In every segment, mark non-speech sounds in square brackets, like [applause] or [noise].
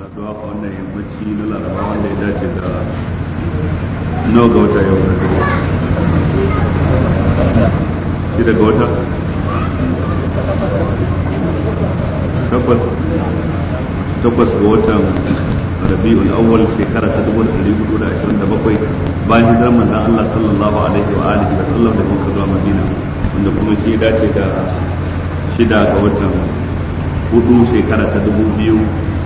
saduwa a wannan yammaci na laraba wanda ya dace da nawa ga wata yau da shi daga wata takwas ga watan rabi'ul awwal shekara ta dubu da dari hudu da ashirin da bakwai bayan hijirar manzon Allah sallallahu alaihi wa alihi wa sallam da muka zuwa Madina wanda kuma shi dace da shida ga watan hudu shekara ta dubu biyu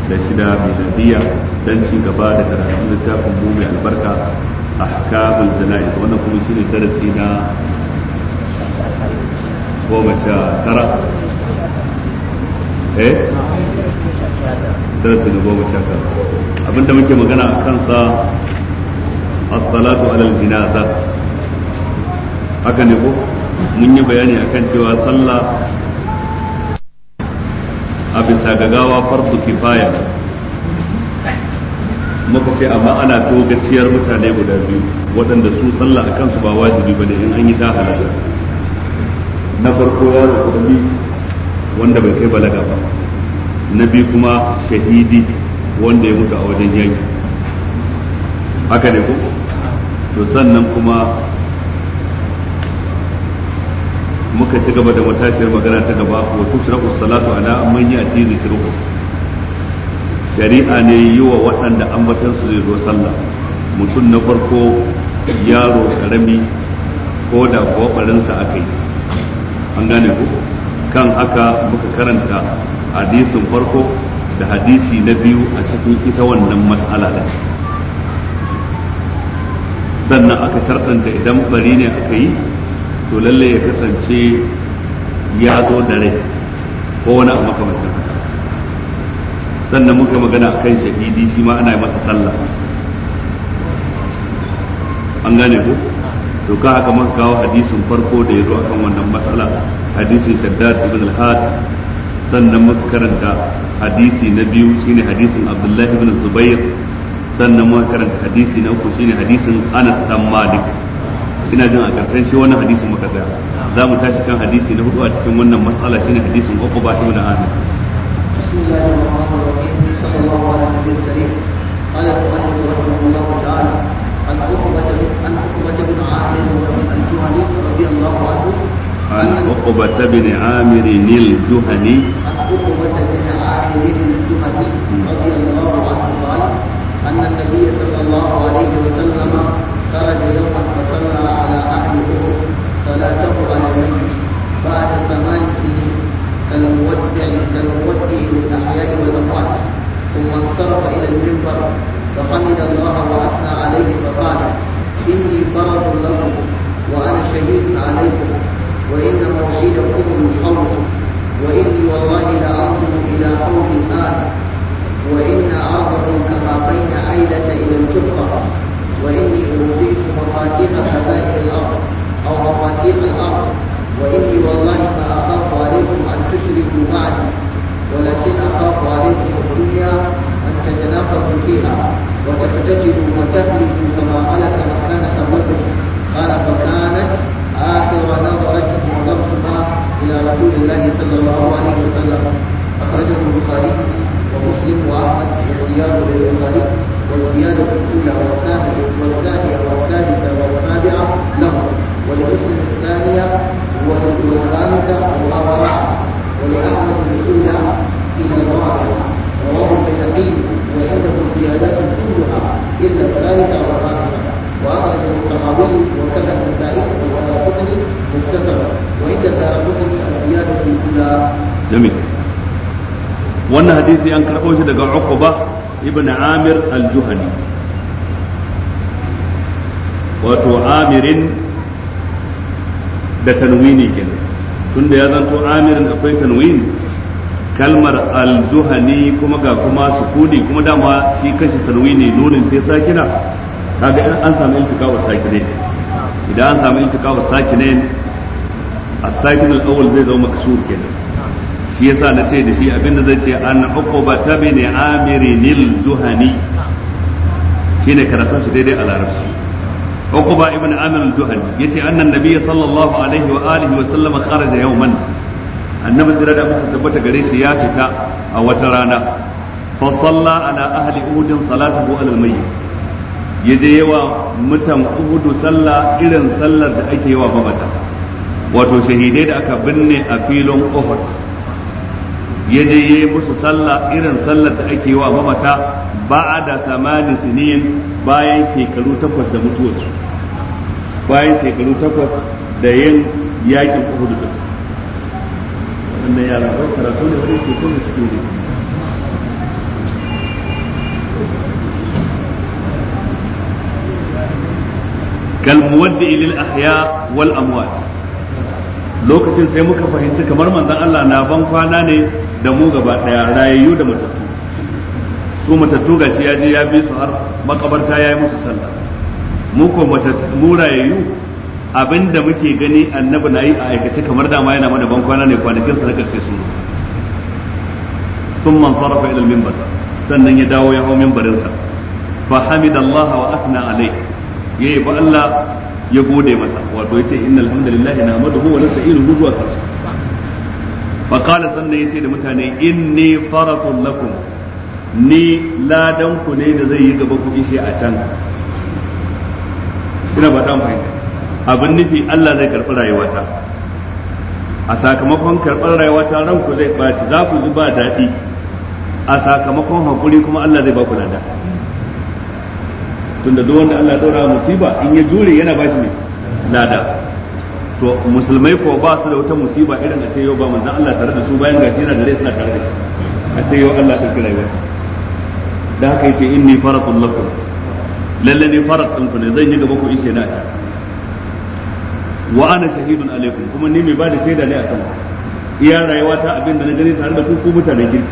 da shida miladiya don ci gaba da karatun littafin mu mai albarka a kabin jana'iz wannan kuma shine darasi na goma sha tara eh darasi na goma sha tara abinda muke magana a kansa asalatu alal jinaza haka ne ko mun yi bayani akan cewa sallah a bisa gagawa farsu kifaya muka ce amma ana to gaciyar mutane guda biyu waɗanda su sallah a kansu ba wajibi ba ne in an yi ta halaga na farko yaro kurmi wanda bai kai balaga ba na biyu kuma shahidi wanda ya mutu a wajen yanki haka ne ko to sannan kuma muka ci gaba da matashiyar magana ta gaba wa tushraqu salatu ala man yati zikruhu shari'a ne yi wa waɗanda ambatan su zai zo sallah mutum na farko yaro karami ko da kwabarinsa aka yi an gane ku kan haka muka karanta hadisin farko da hadisi na biyu a cikin ita wannan mas'ala da sannan aka sharɗanta idan bari ne aka yi to lalle ya kasance ya zo da rai ko wani abu makamacin haka sannan muka magana a kan shahidi shi ma ana yi masa sallah an gane ku to ka haka maka kawo hadisin farko da ya zo akan wannan matsala hadisin shaddad ibn al-had sannan muka karanta hadisi na biyu shine hadisin abdullahi ibn zubair sannan muka karanta hadisi na uku shine hadisin anas dan malik ina jin a karshen shi wannan hadisin muka tsaya za mu tashi kan hadisi na hudu a cikin wannan matsala shine hadisin uku ba ta wani ahad عن عقبة بن عامر الجهني عن عقبة بن عامر الجهني رضي الله عنه قال أن النبي صلى الله عليه وسلم خرج يوما فصلى على أهله صلاته على الميت بعد ثمان سنين كالمودع كالمودع للأحياء والأموات ثم انصرف إلى المنبر فحمد الله وأثنى عليه فقال إني فرض لكم وأنا شهيد عليكم وإن موعدكم القوم وإني والله لأنظر إلى قوم الآن وإن عرضهم كما بين عيلة إلى الجرة وإني أوتيت مفاتيح خزائن الأرض أو مفاتيح الأرض وإني والله ما أخاف عليكم أن تشركوا معي ولكن أخاف عليكم الدنيا أن تتنافسوا فيها وتقتتلوا وتهلكوا كما ملك من كان قبلكم قال فكانت آخر نظرة نظرتها إلى رسول الله صلى الله عليه وسلم أخرجه البخاري ومسلم واحمد والزياد للبخاري والزيادة الأولى والثانية والثانية والثالثة والسابعة له ولمسلم الثانية والخامسة والرابعة ولأحمد الأولى إلى الرابعة رواه البيهقي وعنده الزيادات كلها إلا الثالثة والخامسة وأخرجه الطحاوي وكذا النسائي والدارقطني مختصرا وعند الدارقطني الزيادة في الأولى جميل wannan hadisi an karɓo shi daga Uqba ibn Amir al-Juhani wato Amirin da tanwini kenan tunda ya zanto Amirin akwai tanwini kalmar al-Juhani kuma ga kuma sukuni kuma dama shi kashi tanwini nunin sai sakina kaga an samu iltikawa sakine idan an samu iltikawa sakine as-sakin al-awwal zai zama maksur kenan shi yasa na ce da shi abinda zai ce an uquba tabin amirin zuhani shine karatun shi daidai a larabci uquba ibn amir al-juhani yace annan nabiyyi sallallahu alaihi wa alihi wa sallama kharaja yawman annabi jira da muka tabbata gare shi ya fita a wata rana fa salla ala ahli uhud salatuhu ala al-mayyit yaje yawa mutan uhud sallah irin sallar da ake yawa babata. wato shahidai da aka binne a filin uhud ya je yi musu sallah irin sallah da ake wa mamata ba a da samani sinin bayan shekaru takwas da mutuwarsu bayan shekaru takwas da yin yakin uhudu da wannan ya bai karatu ne wani teku da suke ne kalmuwadda ilil ahya wal amwat lokacin sai muka fahimci kamar manzon Allah na ban kwana ne da mu gaba daya rayayyu da matattu su matattu ga shi ya je ya bi su har makabarta ya yi musu sallah mu ko mu rayayyu abinda muke gani annabi na yi a aikace kamar dama yana mana ban kwana ne kwanakin sa na karshe sun sun man sarrafa ilal minbar sannan ya dawo ya hau minbarin sa fa hamidallahi wa athna alai yayi ba Allah ya gode masa wato yace innal hamdalillah nahmaduhu wa nasta'inuhu wa nastaghfiruh faƙala sannan ya ce da mutane in ne faratun lakum ni ladanku ne da zai yi gaba ku ishe a can ina ba ɗan fahimta abin nufi Allah zai karɓi rayuwata a sakamakon karɓar rayuwata ranku zai ɓaci za ku ji ba daɗi a sakamakon haƙuri kuma Allah zai ba ku lada tunda duk wanda Allah ya musiba in ya jure yana ba shi lada to musulmai ko ba su da wata musiba irin a ce yau ba manzon Allah tare da su bayan gashi yana da rai suna tare da shi a ce yau Allah ta kira yau da haka yake inni faratun lakum lalle ne farat ɗinku ne zan yi gaba ku ishe na a can wa ana shahidun alaikum kuma ni mai ba da shaida ne a kan iya rayuwa ta abin da na gani tare da ku ku mutanen kirki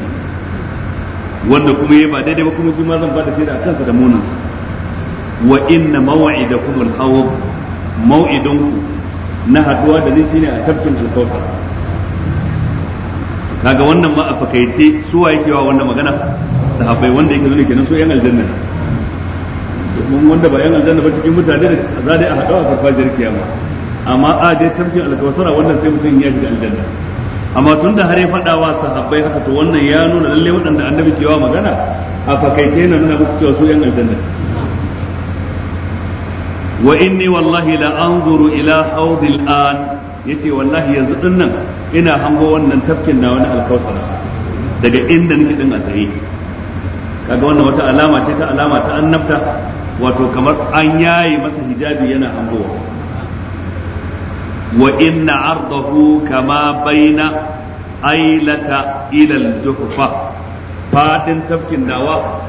wanda kuma ya ba daidai ba kuma shi ma zan ba da shaida a kansa da munansa wa inna mawa'idakum al-hawd mau'idanku na haduwa da ni shine a tafkin alkautar kaga wannan ma a fakaice wa yake wa wannan magana sahabbai wanda yake zuwa kenan su yan aljanna mun wanda ba yan aljanna ba cikin mutane da za dai a haɗu a farfajiyar kiyama amma a dai tafkin alkawasara wannan sai mutum ya shiga aljanna amma tun da har ya faɗa wa sahabbai haka to wannan ya nuna lalle waɗanda annabi ke wa magana a fakaice na nuna muku cewa su yan aljanna wa inni wallahi la anzuru ila hawdil an yace wallahi yanzu din ina hango wannan tafkin na wani alkawtar daga inda nake din a tsaye kaga wannan wata alama ce ta alama ta annabta wato kamar an yayi masa hijabi yana hangowa wa inna ardahu kama baina ailata ila al-juhfa fadin tafkin dawa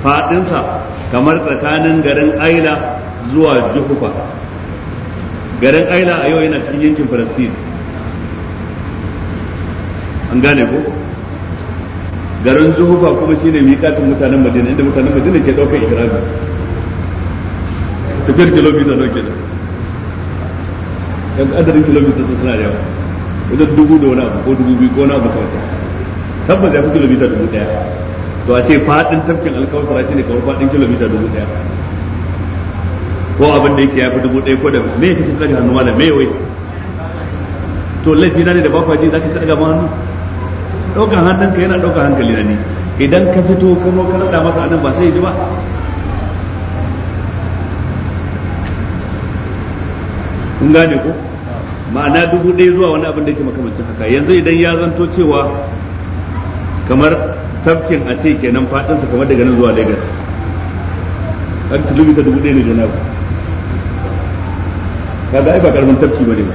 fadinsa kamar tsakanin garin aila zuwa juhufa garin aila a yau yana cikin yankin falastin an gane ko garin juhufa kuma ne miƙatin mutanen madina inda mutanen madina ke ɗaukar ikirabi tafiyar kilomita nawa kenan yan adadin kilomita sun suna yawa wajen dubu da wani abu ko dubu biyu ko wani abu kawai tabbas ya fi kilomita dubu ɗaya to a ce faɗin tafkin alkawasara ne kamar faɗin kilomita dubu ɗaya ko abin da yake ya fi dubu ɗaya ko da me kake daga hannu malam me wai to laifi na ne da bakwa ji zaka daga ma hannu ɗaukan hannun ka yana ɗaukan hankali na ne idan ka fito kuma ka naɗa masa anan ba sai ya ji ba kun gane ko ma'ana dubu ɗaya zuwa wani abin da yake makamancin haka yanzu idan ya zanto cewa kamar tafkin a ce kenan fadinsa kamar daga nan zuwa lagos an kilomita dubu ɗaya ne da na kaga ai ba karamin tafki bane ba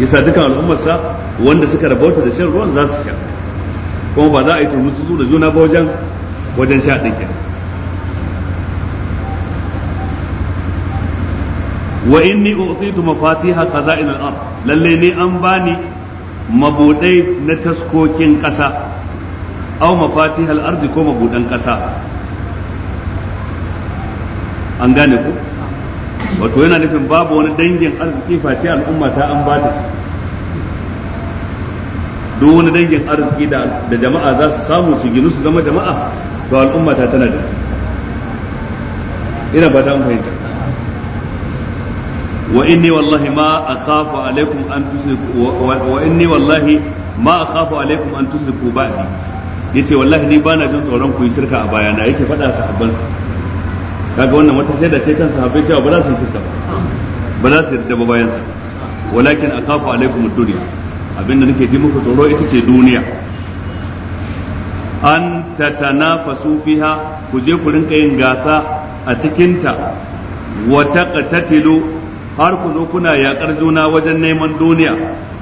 yasa dukan sa wanda suka rabauta da shan ruwan za su sha kuma ba za a yi su da juna ba wajen wajen sha ɗin kenan wa inni utitu mafatiha khaza'in al-ard lalle ne an bani mabudai na taskokin ƙasa aw mafatihal ardi ko mabudan ƙasa an gane ku wato yana nufin babu wani dangin arziki face al'umma ta an ba ta duk wani dangin arziki da jama'a za su samu su ginu su zama jama'a to al'umma ta tana da su ina ba ta fahimta wa inni wallahi ma akhafu alaikum an tusriku wa inni wallahi ma akhafu alaikum an tusriku ba'di yace wallahi ni bana jin tsoron ku yi shirka a baya bayana yake faɗa sahabban sa kaga wannan wata da ce kan sahabbai cewa ba za su shirka ba ba za su yarda ba bayan sa walakin akafu alaikum ad-dunya abinda nake ji muku tsoro ita ce duniya an tatanafasu fiha ku je ku rinka yin gasa a cikinta wa taqtatilu har ku zo kuna yaƙar juna wajen neman duniya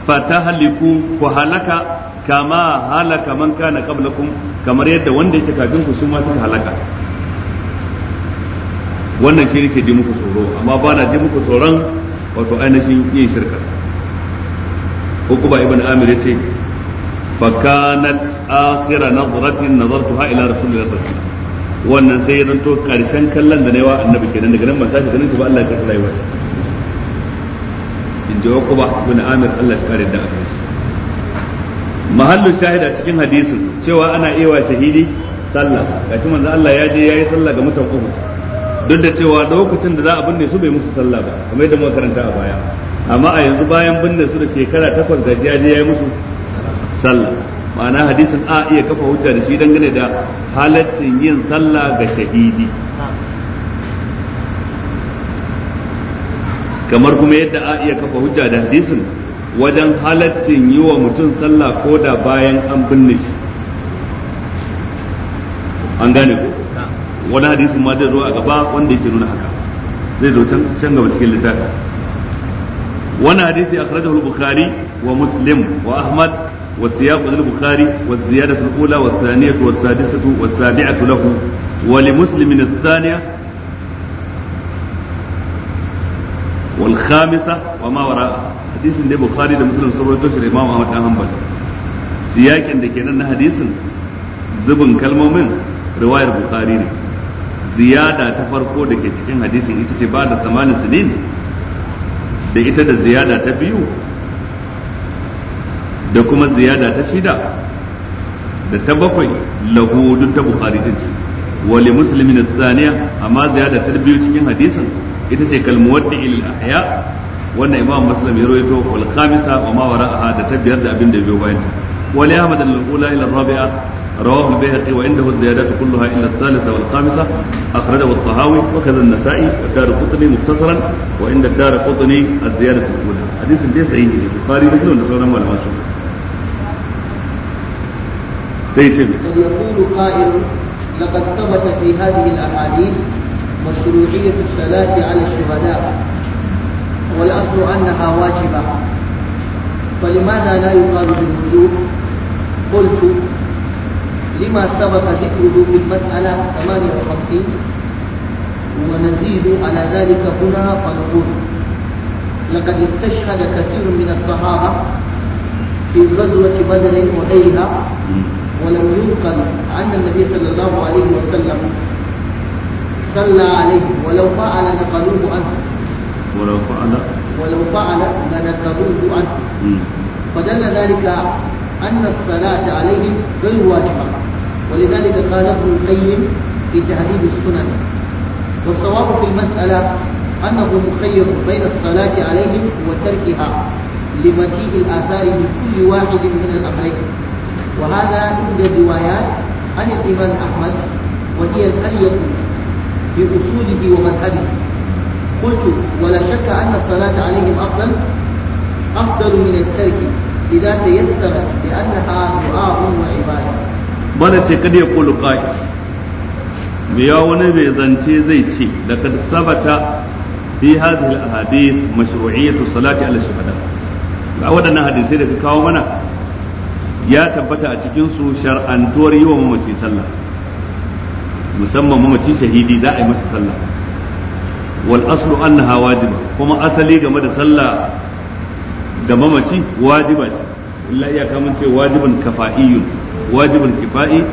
fatahliku ku halaka kama halaka man kana qablakum kamar yadda wanda yake kafin ku su ma suka halaka wannan shi nake ji muku tsoro amma ba na ji muku tsoron wato ainihin yin shirka ukuba ibn amir yace fa kanat akhira nadratin nadartuha ila rasulillahi sallallahu alaihi wasallam wannan sai ya zanto karshen kallon da nayi annabi kenan daga nan ban sake ganin shi ba Allah ya karɓa rayuwar sa in ji ukuba ibn amir Allah ya kare da akai mahallu shahida cikin hadisin cewa ana iya wa shahidi sallah gashi manzo Allah ya je yayi sallah ga mutan Uhud duk da cewa lokacin da za a binne su bai musu sallah ba kamar yadda muka karanta a baya amma a yanzu bayan binne su da shekara takwas jiya ya yi musu sallah ma'ana hadisin a iya kafa hujja da shi dangane da halaccin yin sallah ga shahidi kamar kuma yadda a iya kafa hujja da hadisin wajen halaccin yi wa mutum sallah ko da bayan an binne shi an gane ko wani hadisin ma zai zo a gaba wanda yake nuna haka zai zo can can gaba cikin littafi wani hadisi akhrajahu al-bukhari wa muslim wa ahmad wa siyaq al-bukhari wa ziyadatu al-ula wa thaniyatu wa sadisatu wa sabi'atu lahu wa li muslimin Saniya thaniya wa ma wara'a hadisin da bukhari da muslim sun rawaito shi da imam ahmad dan hanbal siyakin da kenan na hadisin zubin kalmomin riwayar bukhari ne ziyada ta farko da ke cikin hadisin ita ce ba da samanin ne da ita da ziyada ta biyu da kuma ziyada ta shida da ta bakwai lahu ta bukari din ce wali na tsaniya amma ziyada ta biyu cikin hadisin ita ce da ilil ahya wanda imam muslim ya rawaito wal khamisa wa ma wara'aha da ta biyar da abin da ya biyo bayan wali ahmad al-ula ila rabi'a رواه البيهقي وعنده الزيادات كلها إلا الثالثة والخامسة أخرجه الطهاوي وكذا النسائي والدار قطني مختصرا وعند الدار قطني الزيادة الأولى حديث البيت صحيح البخاري مثل ونسأل الله ما شاء سيد قد يقول قائل لقد ثبت في هذه الأحاديث مشروعية الصلاة على الشهداء والأصل أنها واجبة فلماذا لا يقال بالوجوب؟ قلت لما سبق ذكره في المسألة 58 ونزيد على ذلك هنا فنقول لقد استشهد كثير من الصحابة في غزوة بدر وغيرها ولم ينقل أن النبي صلى الله عليه وسلم صلى عليه ولو فعل نقلوه عنه ولو فعل ولو فعل لنقلوه عنه فدل ذلك أن الصلاة عليهم غير واجبة ولذلك قال ابن القيم في تهذيب السنن والصواب في المسألة أنه مخير بين الصلاة عليهم وتركها لمجيء الآثار من كل واحد من الأمرين وهذا إحدى الروايات عن الإمام أحمد وهي الأليق بأصوله ومذهبه قلت ولا شك أن الصلاة عليهم أفضل أفضل من الترك إذا تيسرت لأنها دعاء وعبادة bana ce kada ya kulu qai me ya wani bai zance zai ce da kad sabata fi hadhihi al-ahadith mashru'iyyatu salati ala shuhada ga wadannan hadisai da ka kawo mana ya tabbata a cikin su shar'antuwar yi wa mamaci sallah musamman mamaci shahidi za a yi masa sallah wal aslu annaha wajiba kuma asali game da sallah da mamaci wajiba ce illa iyaka mun ce wajibin kafa'iyun wajibul kifai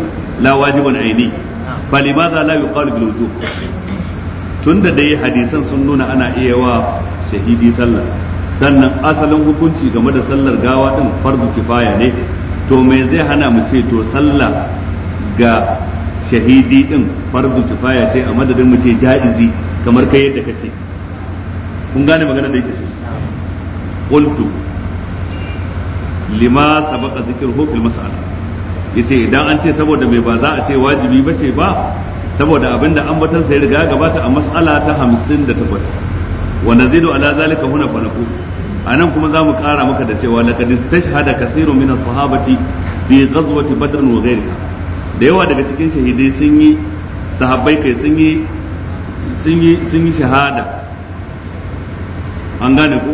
la wajibul aini ah. fa limadha la yuqalu bil wujub tunda dai hadisan sun nuna ana iya wa shahidi sallah sannan asalin hukunci game da sallar gawa din fardu kifaya ne to me zai hana mu ce to sallah ga shahidi din fardu kifaya ce a madadin mu ce ja'izi kamar kai yadda kace kun gane magana da yake so ah. qultu lima sabaqa dhikruhu fil mas'ala yace idan an ce saboda mai ba za a ce wajibi ba ce ba saboda abin da an ambatan sai riga gabata a mas'ala ta hamsin da takwas wanda zai do ala zalika huna falaku nan kuma za mu kara maka da cewa laqad istashhada shahada min as-sahabati fi ghazwati badr wa ghayriha da yawa daga cikin shahidai sun yi sahabbai kai sun yi sun yi sun yi shahada an gane ku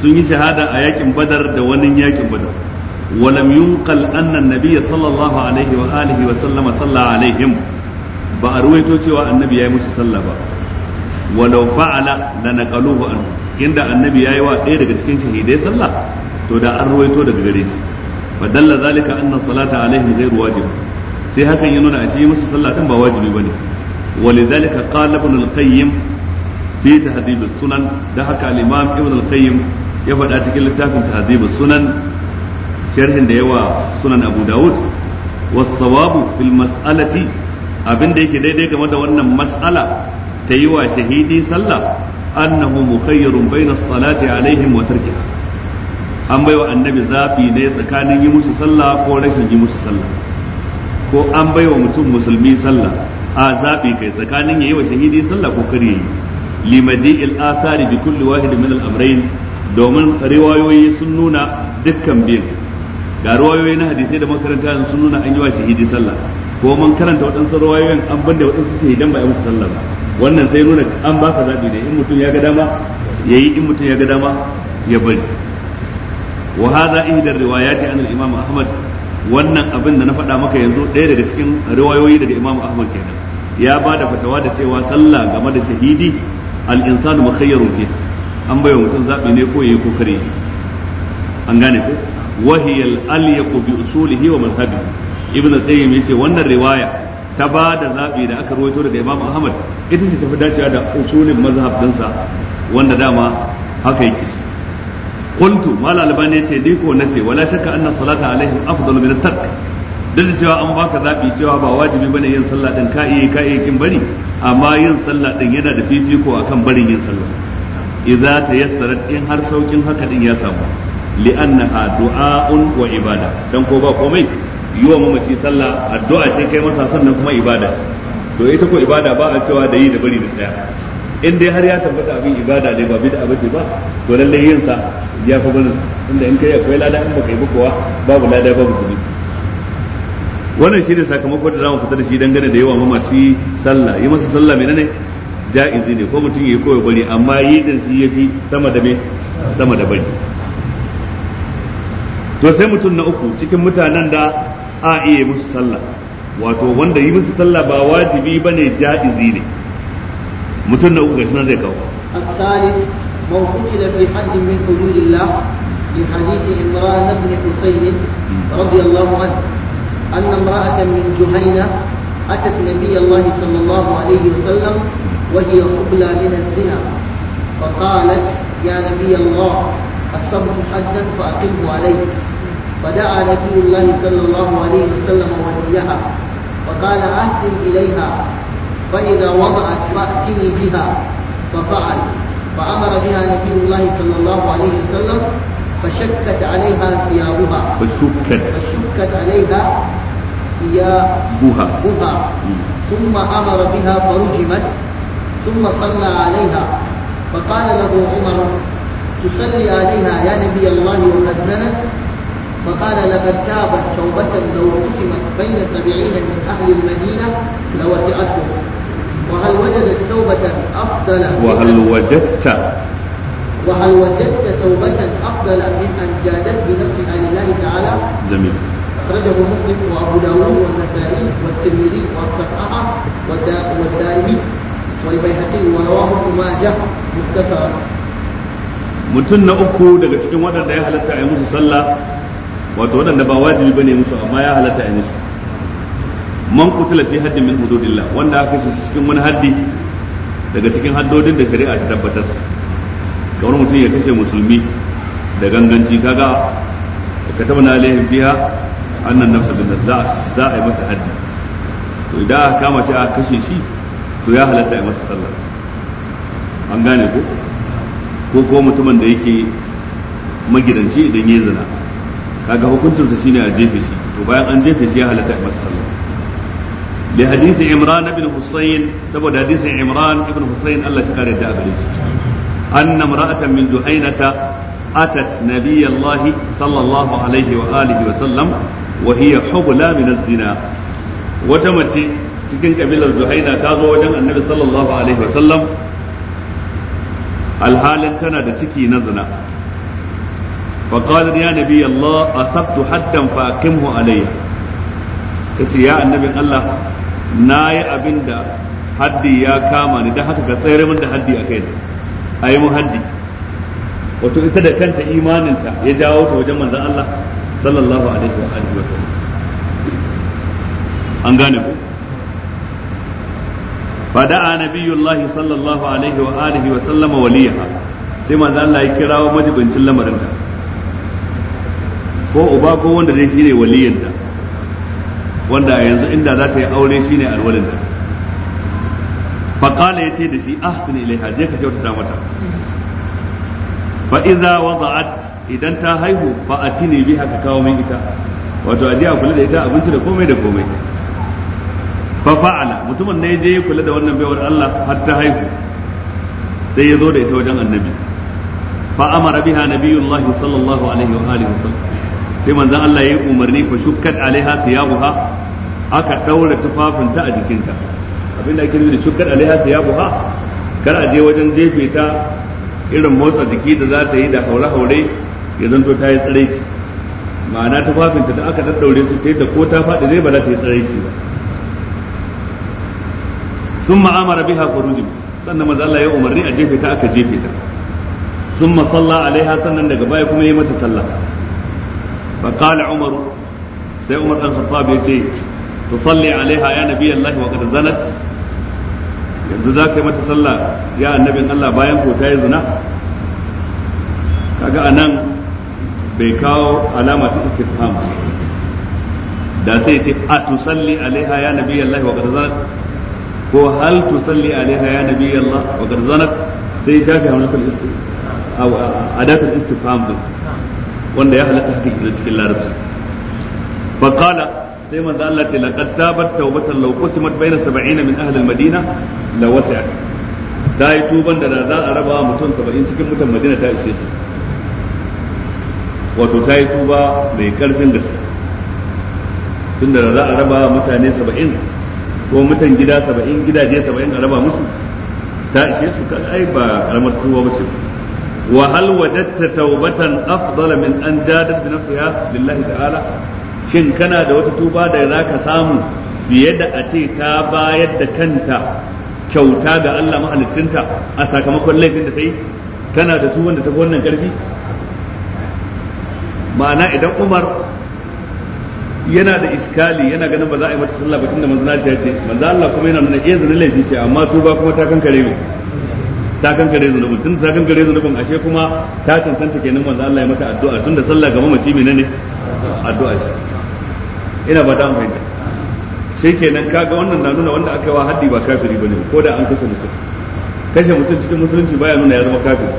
sun yi shahada a yakin badar da wani yakin badar ولم ينقل أن النبي صلى الله عليه وآله وسلم صلى عليهم بأرويتو تشوى النبي يا موسى صلى الله ولو فعل لنقلوه عنه عند النبي يا يوا إيه دقت كين شهيدي صلى تو دا أرويتو دقت غريش فدل ذلك أن الصلاة عليهم غير واجب sai hakan ya nuna a shi musu sallah din ba wajibi bane walidhalika qala ibn al-qayyim fi tahdhib as-sunan da haka al-imam ibn al-qayyim ya faɗa cikin littafin tahdhib as-sunan sharhin da yawa sunan abu dawud wasawabu fil mas'alati abin da yake daidai game da wannan mas'ala ta yi wa shahidi sallah annahu mukhayyarun bayna salati alaihim wa tarkiha an baiwa annabi zafi ne tsakanin yi musu sallah ko rashin yi musu sallah ko an baiwa mutum musulmi sallah a zabi kai tsakanin yayi wa shahidi sallah ko kare yi limaji al-athari bi kulli wahid min al-amrayn domin riwayoyi sun nuna dukkan biyu ga ruwayoyi na hadisai da makaranta sun nuna an yi wa shahidi sallah ko man karanta waɗansu ruwayoyin an banda waɗansu shahidan ba a musu sallah ba wannan sai nuna an ba ka zaɓi ne in mutum ya ga dama ya yi in mutum ya ga dama ya bari wa hadha ihdar riwayati an al-imam ahmad wannan abin da na faɗa maka yanzu ɗaya daga cikin riwayoyi daga imam ahmad kenan ya ba da fatawa da cewa sallah game da shahidi al-insanu mukhayyarun fiha an bayyana wa mutum zaɓi ne ko yayi ko kare an gane ko وهي الأليق بأصوله ومذهبه ابن القيم yace wannan riwaya ta ba da zabi da aka rawaito daga Imam Ahmad ita ce ta fi dacewa da usulin mazhab dinsa wanda dama haka yake shi qultu mal albani yace ni ko nace wala shakka anna salata alaihim afdal min at-tark da cewa an baka zabi cewa ba wajibi bane yin sallah din ka iya kin bari amma yin sallah din yana da fifiko akan barin yin sallah idza tayassarat in har saukin haka din ya samu li'annaha du'a'un wa ibada dan ko ba komai yiwa mamaci sallah addu'a ce kai masa sannan kuma ibada ce to ita ko ibada ba a cewa da yi da bari da daya in dai har ya tabbata abin ibada ne ba bid'a bace ba to lalle yin sa ya fi barin inda in kai akwai lada in baka yi ba babu lada babu zubi wannan shine sakamakon da zamu fita da shi dangane da yawa mamaci sallah yi masa sallah menene ja'izi ne ko mutum yayi koyi bari amma yi da shi yafi sama da me sama da bari to mutum na uku cikin mutanen da a iya musu sallah wato wanda yi musu sallah ba wajibi ba ne ja'izi ne mutum na uku gashi nan zai kawo al-thalith mawqutila fi hadd min hududillah li الصبر حدا فأقمه عليه فدعا نبي الله صلى الله عليه وسلم وليها فقال أحسن إليها فإذا وضعت فأتني بها ففعل فأمر بها نبي الله صلى الله عليه وسلم فشكت عليها ثيابها فشكت فشكت عليها ثيابها بها ثم أمر بها فرجمت ثم صلى عليها فقال له عمر تصلي عليها يا نبي الله وحزنت فقال لقد تابت توبة لو قسمت بين سبعين من أهل المدينة لوسعتهم وهل وجدت توبة أفضل وهل وجدت وهل وجدت توبة أفضل من أن جادت بنفسك عن الله تعالى؟ جميل أخرجه مسلم وأبو داود والنسائي والترمذي وصححه والدارمي والبيهقي ورواه ابن ماجه مختصرا mutum na uku daga cikin waɗanda ya halatta a yi musu sallah wato waɗanda ba wajibi ba ne musu amma ya halatta a yi musu man kutula fi haddin min hududillah wanda aka shi cikin wani haddi daga cikin haddodin da shari'a ta tabbatar kamar mutum ya kashe musulmi da ganganci kaga ka taba na alaihim biya annan nafsa bin za a yi masa haddi to idan aka kama shi a kashe shi to ya halatta a yi masa sallah an gane ko ko ko mutumin da yake magidanci idan ya zina kaga hukuncinsa shine a jefe shi to bayan an jefe shi ya halatta a masa sallah li hadisi imran ibn husayn saboda hadisin imran ibn husayn Allah shi kare da a gare shi anna imra'atan min juhainata atat nabiyallahi sallallahu alaihi wa alihi wa sallam wa hiya hubla min az-zina wata mace cikin kabilar juhaina ta zo wajen annabi sallallahu alaihi wa sallam alhalin tana da ciki na zina فقالت يا نبي ya annabin حدا na yi تتي يا النبي الله ناي أبن دا حدي يا كاما دا حكا كثير من دا حدي أكيد أي محدي wato ita da kanta imaninta ya jawo ta wajen manzon Allah sallallahu alaihi wa wa sallam an gane ku a nabiyullahi sallallahu alaihi wa alihi wa sallama waliyaha sai manzo Allah ya kirawo majibincin lamarinta ko uba ko wanda dai shine waliyinta wanda yanzu inda za ta yi aure shine alwalinta faqala yace da shi ahsin ilaiha je ka kyautata mata fa idza wada'at idan ta haihu fa atini biha ka kawo min ita wato aje a kula da ita abinci da komai da komai fa fa'ala mutumin ne je ya kula da wannan baiwar Allah har ta haihu sai ya zo da ita wajen annabi fa amara biha nabiyullah sallallahu alaihi wa alihi wasallam sai manzon Allah ya yi umarni fa shukkat alaiha thiyabuha aka daura tufafinta a jikinta abinda ake nufi da shukkat alaiha thiyabuha kar a je wajen jefe ta irin motsa jiki da za ta yi da haure-haure ya zanto ta yi tsiraici ma'ana tufafinta da aka daddaure su ta yi da ko ta faɗi zai ba za ta yi tsiraici ba sun ma'amara biha kurujin sannan maza Allah ya umarni a jefe ta aka jefe ta sun masalla alaiha sannan daga baya kuma yi mata sallah fa qala umaru sai umar dan khattab ya ce tusalli alaiha ya nabi Allah wa qad zanat yanzu za kai mata sallah ya annabin Allah bayan ko ta yi zina kaga anan bai kawo alama ta istifham da sai ce a tusalli alaiha ya nabi Allah wa qad zanat ko hal tusalli alaiha ya nabi Allah wa garzanat sai shafi hamlatul istifham adatul istifham din wanda ya halatta haka ke cikin larabci fa qala sai manzo Allah ce laqad tabat tawbatan law qusimat bayna 70 min ahli al-madina la wasi'at ta yi tuban da za a raba mutum saba'in cikin mutan Madina ta ishe su wato ta yi tuba mai karfin gaske tunda da za a raba mutane saba'in. ko mutan gida saba'in gidaje saba'in a raba musu ta ishe su kan ai ba karamar kowa ce. wa hal wajadta taubatan afdala min an jadar bi nafsiha lillahi ta'ala shin kana da wata tuba da zaka samu fiye da a ce ta bayar da kanta kyauta ga Allah mahaliccinta a sakamakon laifin da ta yi kana da tuban da ta fi wannan karfi ma'ana idan Umar yana da iskali yana ganin ba za a yi mata sallah ba tunda manzo na ya ce manzo Allah kuma yana nuna eh zina laifi ce amma tuba kuma ta kankare ne ta kankare zunubin tun ta kankare zunubin ashe kuma ta cancanta kenan manzo Allah ya mata addu'a tunda sallah ga mamaci ne addu'a ce ina ba ta an fahimta sai kenan kaga wannan na nuna wanda aka yi wa haddi ba kafiri bane ko da an kashe mutum kashe mutum cikin musulunci baya nuna ya zama kafiri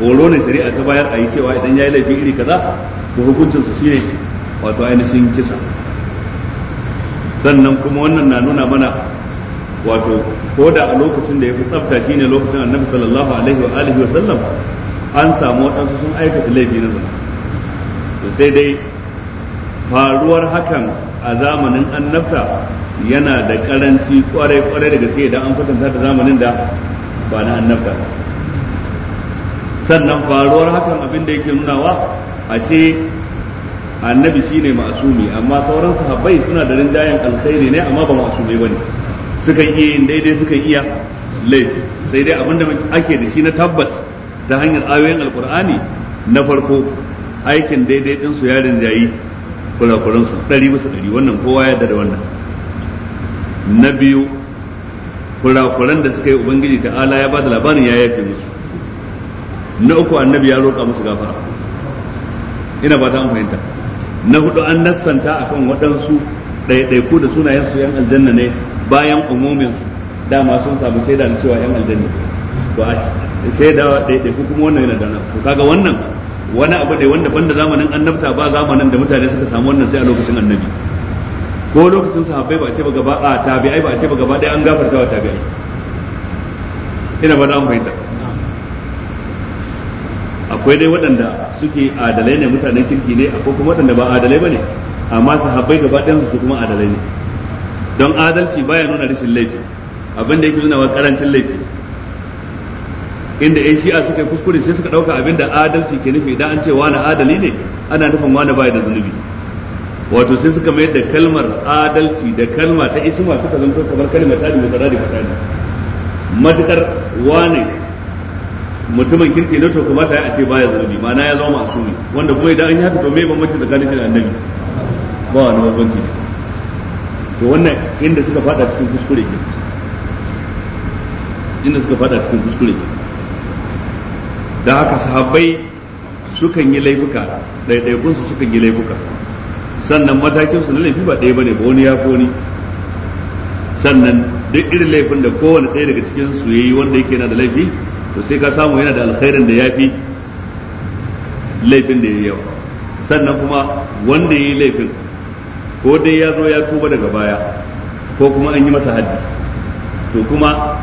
horo ne shari'a ta bayar a yi cewa idan ya yi laifi iri kaza to hukuncinsa shine wato ainihin kisa sannan kuma wannan na nuna mana wato ko da a lokacin da ya fi tsafta ne lokacin annabi sallallahu alaihi wa alihi wa sallam an samu waɗansu sun aikata laifi na zama to sai dai faruwar hakan a zamanin annabta yana da karanci kwarai kwarai da gaske idan an kwatanta da zamanin da ba na annabta sannan faruwar hakan abin da yake nunawa ashe annabi shine masumi amma sauran sahabbai suna da rinjayen alkhairi ne amma ba ma'asumi bane suka iya yin daidai suka iya laifi sai dai abinda ake da shi na tabbas ta hanyar ayoyin alkur'ani na farko aikin daidai din su ya rinjayi kurakuran su dari bisa dari wannan kowa ya da wannan na biyu kurakuran da suka yi ubangiji ta'ala ya ba labarin ya yafe musu na uku annabi ya roƙa musu gafara ina ba ta an fahimta na hudu an nassanta akan waɗansu ɗaiɗaiku da sunayen su yan aljanna ne bayan umumin su dama sun samu shaida na cewa yan aljanna to a shaida ɗaiɗaiku kuma wannan yana da nan to kaga wannan wani abu ne wanda banda zamanin annabta ba zamanin da mutane suka samu wannan sai a lokacin annabi ko lokacin sahabbai ba a ce ba gaba a tabi'ai ba a ce ba gaba ɗaya an gafarta wa tabi'ai ina ba za mu fahimta akwai dai waɗanda suke adalai ne mutanen kirki ne akwai kuma waɗanda ba adalai ba ne amma sahabbai gaba ɗayan su kuma adalai ne don adalci baya nuna rashin laifi abin da yake nuna wa karancin laifi inda yan shi'a suka yi kuskure sai suka ɗauka abin da adalci ke nufi idan an ce wani adali ne ana nufin wani baya da zunubi wato sai suka mayar da kalmar adalci da kalma ta isma suka zanto kamar kalmar tadi mai tsara da fatani matukar wani mutumin kirki na to kuma ta a ce baya zunubi ma'ana ya zama masu ne wanda kuma idan an yi haka to me bambanci tsakanin shi da annabi ba wani bambanci to wannan inda suka fada cikin kuskure ke inda suka fada cikin kuskure ke da haka sahabbai sukan yi laifuka su sukan yi laifuka sannan matakin su na laifi ba ɗaya ba ba wani ya ko ni sannan duk irin laifin da kowane ɗaya daga cikin su yayi wanda yake na da laifi to sai ka samu yana da alkhairin da yafi laifin da ya yawa sannan kuma wanda ya yi laifin ko dai ya zo ya tuba daga baya ko kuma an yi masa haddi to kuma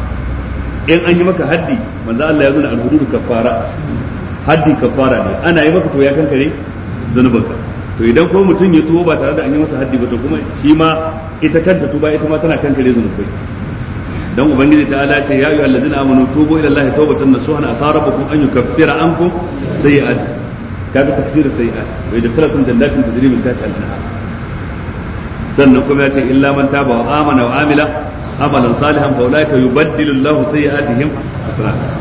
in an yi maka haddi manzo Allah ya nuna al-hududu kafara haddi kafara ne ana yi maka to ya kankare zanubanka to idan ko mutum ya tuba ba tare da an yi masa haddi ba to kuma shi ma ita kanta tuba ita ma tana kankare zanubai dan ubangiji ta ala ce ya ayu alladina amanu tubu ila allahi tawbatan nasuha an yukaffira ankum sayi'at kaga takfir sayi'at wa yadkhulukum jannatin tajri min tahtiha al-anhar sannan kuma ya ce illa man taba wa amana wa amila amalan salihan fa ulaika yubaddilu allahu sayi'atihim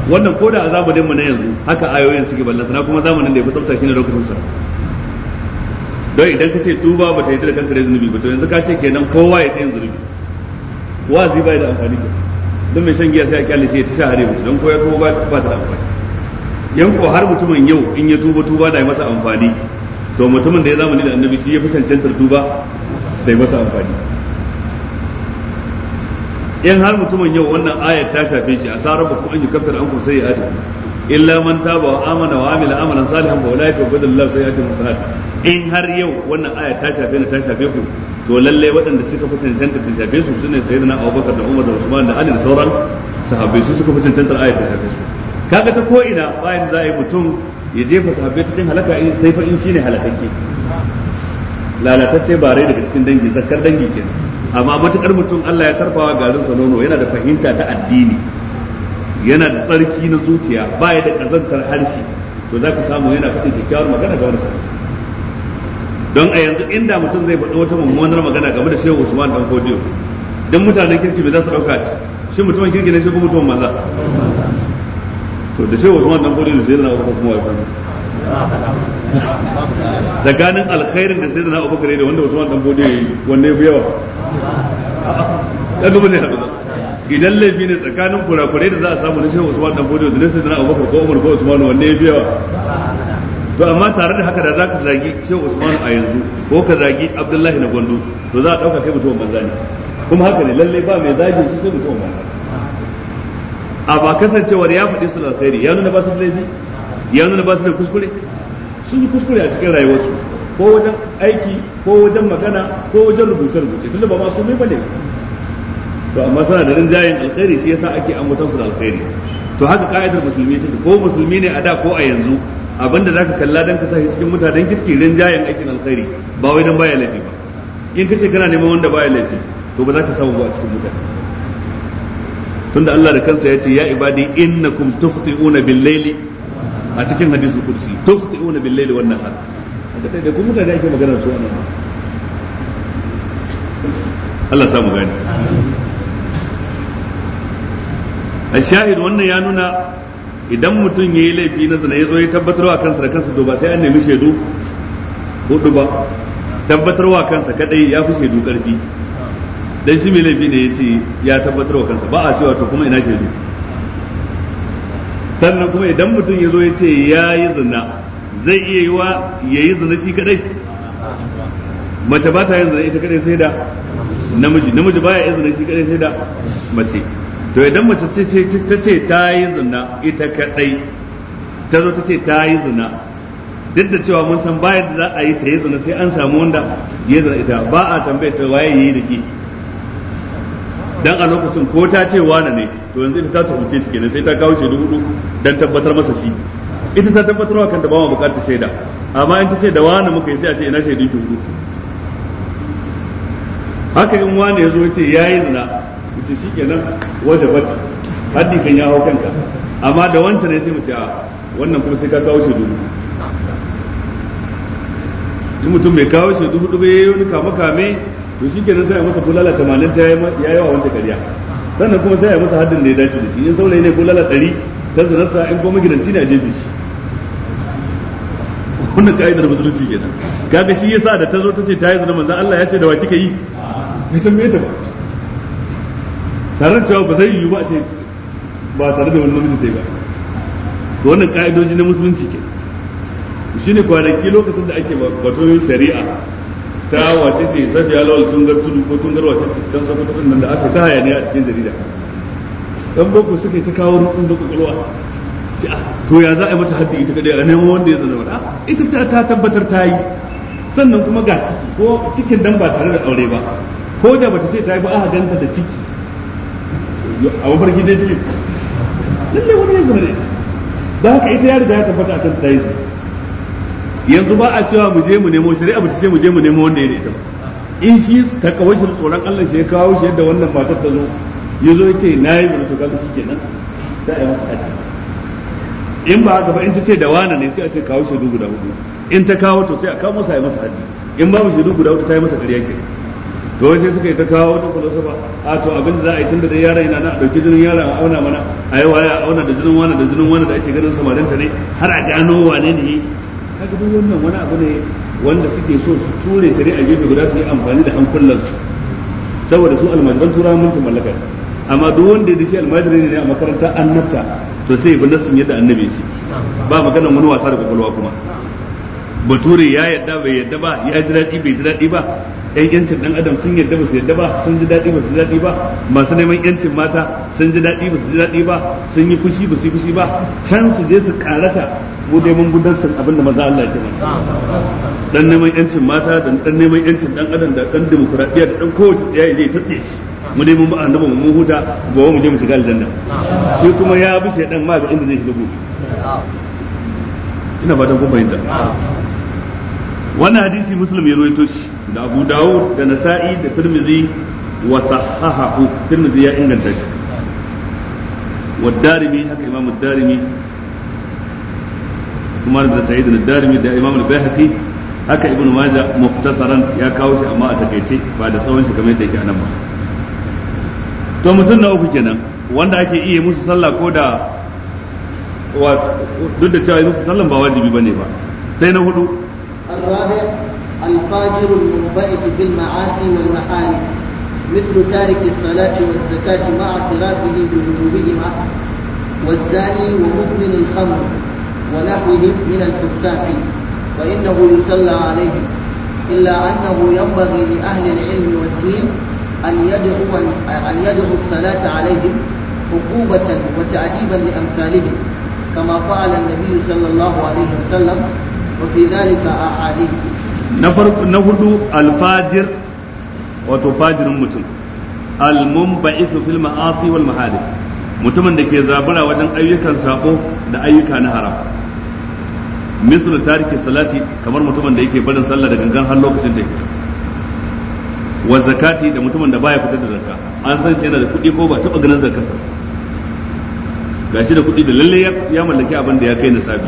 wannan ko da azabudin mu na yanzu haka ayoyin suke ballantana kuma zamanin da ya fi tsafta shine lokacin sa don idan ka ce tuba ba ta yi da kanka da zunubi ba to yanzu ka ce kenan kowa ya ta yin zunubi wazi bai da amfani da don mai shan giya sai a kyale sai ya ta shahare mutu don koya ya tuba ba ta da amfani yanko har mutumin yau in ya tuba tuba da ya masa amfani to mutumin da ya zamani da annabi shi ya fi cancantar tuba da ya masa amfani in har mutumin yau wannan ayar ta shafe shi a sarar rabu ko an yi kaftar an kusa ya ajiye illa man taba wa amana wa amila amalan salihan fa ulaika yubadilullahu sayyi'atihim hasanat in har yau wannan aya ta shafe ni ta shafe ku to lalle waɗanda suka fi cancanta ta shafe su sune sayyidina Abubakar da Umar da Usman da Ali da sauran sahabbai su suka fi cancantar aya ta shafe su kaga ta ko ina bayan za a yi mutum ya jefa sahabbai cikin halaka in sai fa shine halakakke lalatacce ba rai daga cikin dangi zakkar dangi kenan amma matukar mutum Allah ya tarfawa garin sa nono yana da fahimta ta addini yana da tsarki na zuciya ba ya da kazantar harshe to za ku samu yana fitin kyakkyawar magana ga wani don a yanzu inda mutum zai faɗi wata mummunar magana game da shehu usman dan kodiyo don mutanen kirki bai za su ɗauka ci shi mutumin kirki ne shi kuma mutumin maza to da shehu usman dan kodiyo sai da na ko kuma wai tsakanin alkhairin da sai da na uku kare da wanda usman dan kodiyo wanne ya fi yawa kaga ba haɗu idan laifi ne tsakanin kurakurai da za a samu na shehu usman dan bodo da na sayyidina abubakar ko umar ko usman wanne ya biya to amma tare da haka da za ka zagi shehu usman a yanzu ko ka zagi abdullahi na gondo to za a dauka kai mutumin banza ne kuma haka ne lallai ba mai zagin shi sai mutumin banza a ba kasancewar ya faɗi su da alkhairi ya nuna ba su laifi ya nuna ba su da kuskure sun yi kuskure a cikin rayuwarsu ko wajen aiki ko wajen magana ko wajen rubuce-rubuce tunda ba ma su ne ba ne to amma suna da rinjayen alkhairi shi yasa ake an mutansu da alkhairi to haka ka'idar musulmi take ko musulmi ne a da ko a yanzu abinda zaka kalla dan ka sa cikin mutanen kirki rinjayen aikin alkhairi ba wai dan baya laifi ba in kace kana neman wanda baya laifi to ba za ka samu ba a cikin mutane tunda Allah da kansa ya ce ya ibadi innakum tukhti'una bil layli a cikin hadisul kursi tukhti'una bil layli wan nahar haka da kuma mutane ake magana su anan Allah samu gani a wannan ya nuna idan mutum ya yi laifi na zina ya zo ya tabbatarwa kansa da kansa to ba sai an nemi shaidu hudu ba tabbatarwa kansa kadai ya fi shaidu karfi dan shi mai laifi ne ya ce ya tabbatarwa kansa ba a cewa to kuma ina shaidu sannan kuma idan mutum ya zo ya ce ya yi zina zai iya yi wa ya yi zina shi kadai mace ba ta yin zina ita kadai sai da namiji namiji baya yi zina shi kadai sai da mace to idan mace ce ta ce ta yi zina ita kadai ta zo ta ce ta yi zina duk da cewa mun san bayan da za a yi ta yi zina sai an samu wanda ya zina ita ba a tambaye ta waye yi da ke dan a lokacin ko ta ce wane ne to yanzu ita ta tuhumce shi kenan sai ta kawo shaidu hudu dan tabbatar masa shi ita ta tabbatar wa kanta ba ma bukatar shaida amma in ta ce da wane muka yi sai a ce ina shaidu hudu haka in wane ya zo ya ce ya yi zina ce shi to wata wajabat haddi kan ya hau kanka amma da wancan ne sai mu ce wannan kuma sai ka kawo shi dubu in mutum mai kawo shi dubu dubu yayi wani kama kame to shi shikenan sai ya masa bulala 80 ta yayi wa wancan kariya sannan kuma sai ya masa haddin da ya dace da shi in saurayi ne bulala 100 ta zanarsa in kuma magidanci ne a jefe shi wannan ka'idar musulunci kenan kaga shi yasa da ta zo ta ce ta yi zina manzon Allah ya ce da wa kika yi bai tambaye ta ba tare da cewa ba zai yiwu ba ce ba tare da wani namiji sai ba to wannan ka'idoji na musulunci ke shi ne kwanaki lokacin da ake yin shari'a ta wace ce ya lawal tungar tudu ko tungar wace ce can sa ta nan da aka ta hayaniya a cikin jarida dan boko suka yi ta kawo rukun da kwakwalwa ah, to ya za a yi mata haddi ita kadai a nemo wanda ya zana wata ah, ita ta tabbatar ta yi sannan kuma ga ciki ko cikin dan ba tare da aure ba ko da bata ce ta yi ba a ganta da ciki a mafarki dai cikin lalle wani ya zama da da haka ita ya riga ya tabbata akan tsayi yanzu ba a cewa mu je mu nemo shari'a ba ce mu je mu nemo wanda ya ne ta in shi ta kawai tsoron Allah shi ya kawo shi yadda wannan matar ta zo ya zo ce na yi zama to kaga shi kenan ta yi masa aji. in ba haka ba in ta ce da wani ne sai a ce kawo shaidu guda hudu in ta kawo to sai a kawo masa yi masa haddi in babu shaidu guda hudu ta yi masa ƙarya kenan kawai sai suka yi ta kawo ta kulosofa a to abin da za a yi tun da dai yaron yana na ɗauki jinin yaron a auna mana a yi waya a auna da jinin wani da jinin wani da ake ganin samarinta ne har a gano wane ne kaga duk wannan wani abu ne wanda suke so su ture shari'a gefe guda su yi amfani da su saboda su almajiran turawa mulkin mallaka amma duk wanda da shi almajiri ne a makaranta annabta to sai ibn nasin yadda annabi shi ba maganar wani wasa da kwakwalwa kuma bature ya yadda bai yadda ba ya ji daɗi bai ji daɗi ba yan yancin ɗan adam sun yadda ba su yadda ba sun ji daɗi ba su ji daɗi ba masu neman yancin mata sun ji daɗi ba su ji daɗi ba sun yi fushi ba su yi fushi ba can su je su karata mu dai mun gudan san abin da maza Allah ya ce masa dan neman yancin mata da dan neman yancin dan adam da dan demokradiya da dan kowace tsiyaye zai tatse shi mu dai mun ba annabi mu huta gowa mu je mu shiga aljanna shi kuma ya bi shedan ma ga inda zai shiga gobe ina ba da fahimta. da wannan hadisi muslim ya ruwaito shi da abu dawud da nasa'i da turmizi wa sahahahu turmizi ya inganta shi wa darimi haka imam darimi kuma da sa'id da darimi da imam al bahati haka ibn majah muftasaran ya kawo shi amma a takeice ba da tsawon shi kamar yadda yake anan ba to mutum na uku kenan wanda ake iya musu sallah ko da duk da cewa yi musu sallan ba wajibi bane ba sai na hudu الرابع الفاجر المنبئت بالمعاصي والمحارم مثل تارك الصلاة والزكاة مع اعترافه بوجوبهما والزاني ومدمن الخمر ونحوهم من الفساق فإنه يصلى عليهم إلا أنه ينبغي لأهل العلم والدين أن يدعو أن يدعو الصلاة عليهم عقوبة وتعذيبا لأمثالهم كما فعل النبي صلى الله عليه وسلم وفي ذلك أحاديث نهدو الفاجر وتفاجر متن المنبعث في المعاصي والمحارم mutumin da ke zabura wajen ayyukan sako da ayyuka na haram misal tariki salati kamar mutumin da yake barin sallah da gangan har lokacin ta wa zakati da mutumin da baya fitar da zakka an san shi yana da kuɗi ko ba taɓa ganin zakkar Ga shi da kuɗi da lalle ya mallaki abin da ya kai nisabi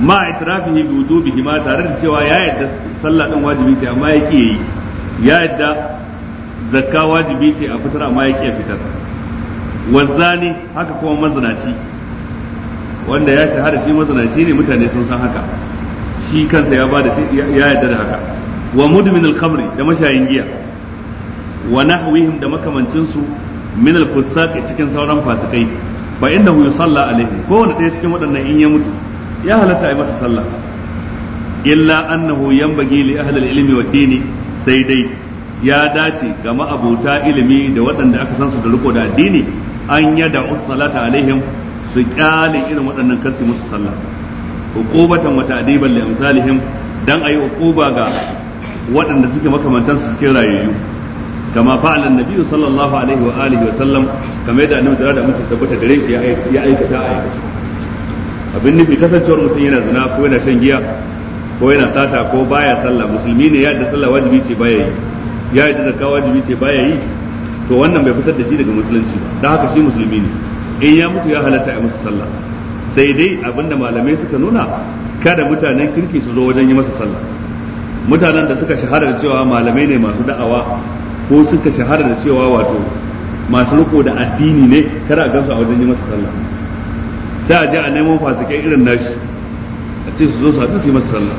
ma itirafihi bi wujubihi ma tare da cewa ya yadda sallah ɗin wajibi ce amma yake yi ya yadda zakka wajibi ce a fitar amma ya fitar Wanzani haka kuma mazinaci wanda ya shahara shi mazinaci ne mutane sun san haka shi kansa ya bada shi ya yadda da haka wa mudumin al-khamri da mashayin giya wa nahwihim da makamancin su min al-fusaq cikin sauran fasikai fa innahu yusalla alaihi wanda ɗaya cikin waɗannan in ya mutu ya halatta a masa sallah illa annahu yanbaghi li ahli al-ilmi wa dini sai dai ya dace ga ma'abuta ilimi da waɗanda aka san su da riko da addini an yada salata alaihim su kyale irin waɗannan kasi musu sallah hukubatan wa ta'diban li amsalihim dan ayi hukuba ga waɗanda suke makamantansu suke cikin kama fa'ala annabi sallallahu alaihi wa alihi wa sallam kamar da annabi da mutum tabbata gare shi ya aikata a aikace abin nufi kasancewar mutum yana zina ko yana shan giya ko yana sata ko baya sallah musulmi ne ya da sallah wajibi ce baya yi ya da zakka wajibi ce baya yi to wannan bai fitar da shi daga musulunci ba dan haka shi musulmi ne in ya mutu ya halatta ya musu sallah sai dai abinda malamai suka nuna kada mutanen kirki su zo wajen yi masa sallah mutanen da suka shahara da cewa malamai ne masu da'awa ko suka shahara da cewa wato masu riko da addini ne kar a gansu a wajen yi masa sallah sai a je a neman fasikai irin nashi a ce su zo su haɗu su yi masa sallah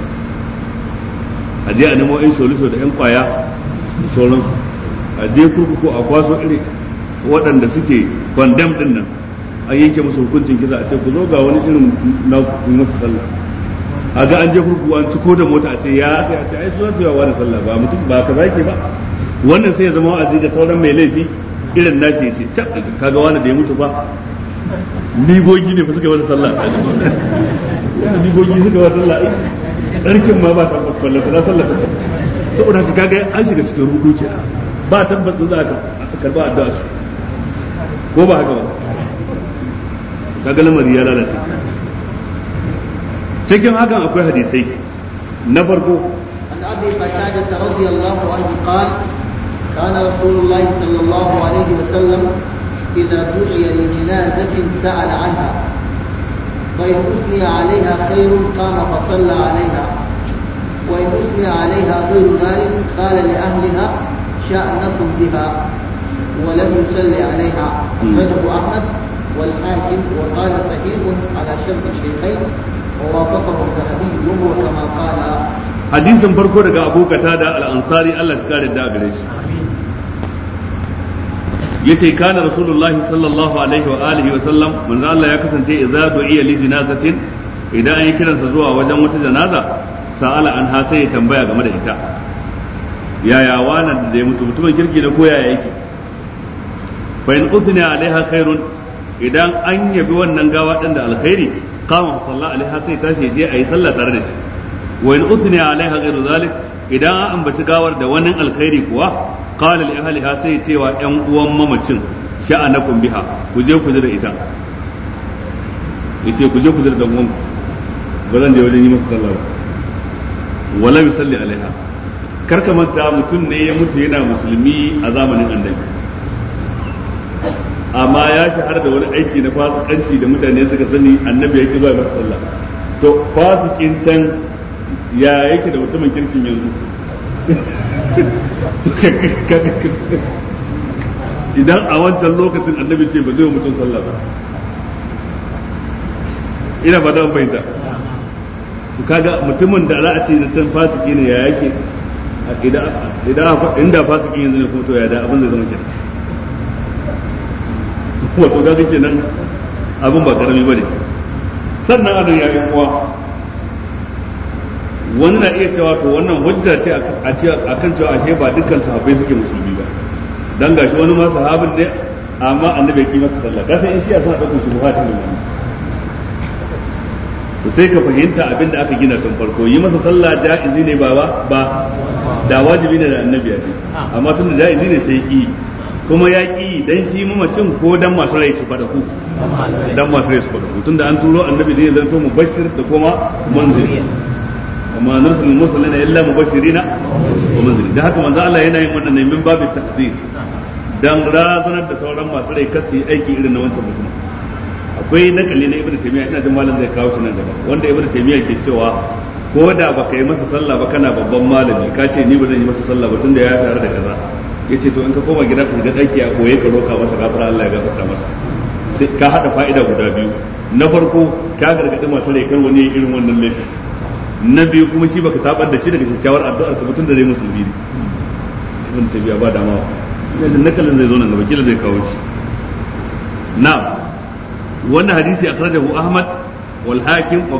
a je a nemo 'yan sholiso da 'yan kwaya da sauransu a je kurkuku a kwaso iri waɗanda suke kwandam ɗin nan an yanke musu hukuncin kisa a ce ku zo ga wani irin na masa sallah a ga an je kurkuku an ciko da mota a ce ya a ce ai su zo su yi wa wani sallah ba mutum ba ka zaki ba wannan sai ya zama wa'azi ga sauran mai laifi irin nasi ya ce kaga wani da ya mutu ba nigogi ne fa suka yi wata sallah nigogi suka yi wata sallah tsarkin ma ba tabbas balle ba sallah ta saboda ka kaga an shiga cikin rudu ke ba tabbas za ka karba addu'a su ko ba haka ba kaga lamari ya lalace cikin hakan akwai hadisai na farko أبي قتادة رضي الله عنه قال كان رسول الله صلى الله عليه وسلم إذا دعي لجنازة سأل عنها فإن أثني عليها خير قام فصلى عليها وإن أثني عليها غير ذلك قال لأهلها شأنكم بها ولم يصلي عليها أخرجه أحمد والحاكم وقال صحيح على شرط الشيخين hadisin farko daga abokata da al'ansari ansari Allah shi kare da gare shi yace kana rasulullahi sallallahu alaihi wa alihi wa sallam manzo Allah ya kasance idza du'iya li janazatin idan an yi kiransa zuwa wajen wata janaza sa'ala an ha sai ya tambaya game da ita yaya wannan da ya mutu mutumin kirki da koya ya yake fa in uthni alaiha khairun idan an yabi wannan gawa din da alkhairi qama salla alaiha sai tashi je ayi sallah tare da shi wa in usni alaiha ghairu zalik idan an ambaci gawar da wani alkhairi kuwa qala li ahliha sai cewa yan uwan mamacin sha'anakum biha ku je ku da ita yace ku je ku da dan ba zan je wajen yi ba kar ka manta mutum ne ya mutu yana musulmi a zamanin amma ya shahara da wani aiki na fasikanci da mutane suka sani annabi yake zuwa masu sallah to fasikin can ya yake da mutumin kirkin yanzu idan a wancan lokacin annabi ce ba zai mutum sallah ba ina ba dan baita to kaga mutumin da za a ce na can fasiki ne ya yake idan inda fasiki yanzu ne kuma to ya da abin zai zama kirki wato gaga nan abin ba karami ne sannan adan ya kuwa wani na iya cewa to wannan hujja ce a kan cewa ashe ba dukkan sahabbai suke musulmi ba dan gashi wani ma sahabin ne amma annabi ya masa sallah kasan in shi ya sa da kushi ta ne to sai ka fahimta abin da aka gina tun farko yi masa sallah ja'izi ne ba ba da wajibi ne da annabi ya ce amma tun da ja'izi ne sai yi kuma ya ƙi dan shi mamacin ko dan masu rai su faɗa ku dan masu rai su faɗa ku tunda an turo annabi zai zanto mu bashir da kuma manzuri amma nursul musallina illa mubashirina wa manzuri da haka manzo Allah yana yin wannan ne min babin tahzir dan razanar da sauran masu rai kasu yi aiki irin na wancan mutum akwai nakali na ibnu taymiya ina jin malam zai kawo shi nan gaba wanda ibnu taymiya ke cewa ko da baka yi masa sallah ba kana babban malami ka ce ni ba zan yi masa sallah ba tunda ya shahara da kaza ya ce to in ka koma gida ka ga ɗaki a koye ka roka masa gafara Allah ya gafarta masa sai ka haɗa fa'ida guda biyu na farko ka gargaɗi masu rai kar wani irin wannan laifin na biyu kuma shi baka tabar da shi daga kyakkyawar addu'ar ka mutum da zai musulmi ne ta biya ba dama yanzu nakalin zai zo nan gaba kila zai kawo shi na wannan hadisi akhrajahu ahmad wal hakim wa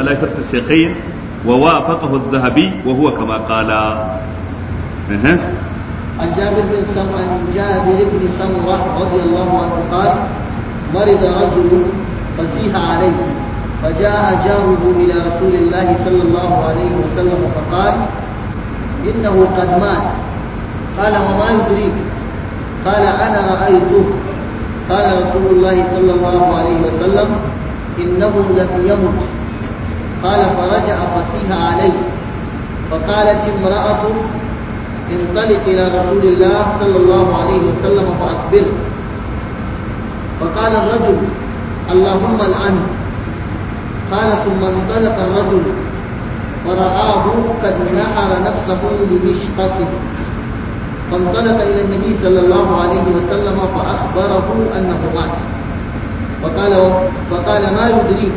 على شرط ala ووافقه الذهبي وهو wa قال adh wa huwa kama عن جابر بن سم... عن جابر بن سمرة رضي الله عنه قال مرض رجل فسيح عليه فجاء جاره إلى رسول الله صلى الله عليه وسلم فقال إنه قد مات قال وما يدريك قال أنا رأيته قال رسول الله صلى الله عليه وسلم إنه لم يمت قال فرجع فسيح عليه فقالت امرأة انطلق إلى رسول الله صلى الله عليه وسلم فأخبره فقال الرجل اللهم العنه قال ثم انطلق الرجل فرآه قد نحر نفسه بمشقص فانطلق إلى النبي صلى الله عليه وسلم فأخبره أنه مات فقال, فقال ما يدريك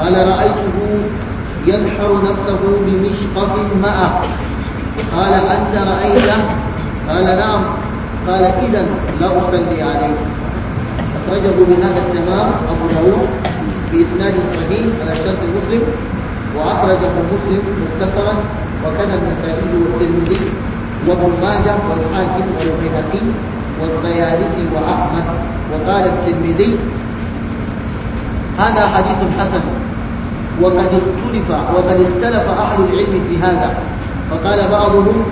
قال رأيته ينحر نفسه بمشقص معه قال أنت رأيته قال نعم قال إذا لا أصلي عليه أخرجه من هذا التمام أبو داود بإسناد صحيح على شرط مسلم وأخرجه مسلم مختصرا وكذا النسائي والترمذي وابن ماجه والحاكم والبيهقي والطيارسي وأحمد وقال الترمذي هذا حديث حسن وقد اختلف وقد اختلف أهل العلم في هذا فقال بعضهم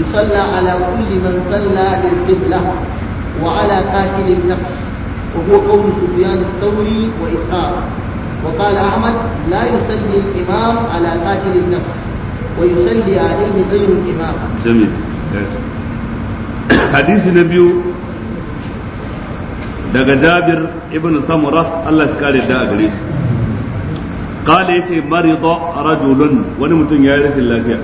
يصلى على كل من صلى للقبلة وعلى قاتل النفس وهو قول سفيان الثوري وإسحاق وقال أحمد لا يصلي الإمام على قاتل النفس ويصلي عليه غير الإمام جميل حديث نبي daga jabir ibn samura Allah shi kare da a gare shi kala yace marida rajulun wani mutum ya yi rashin lafiya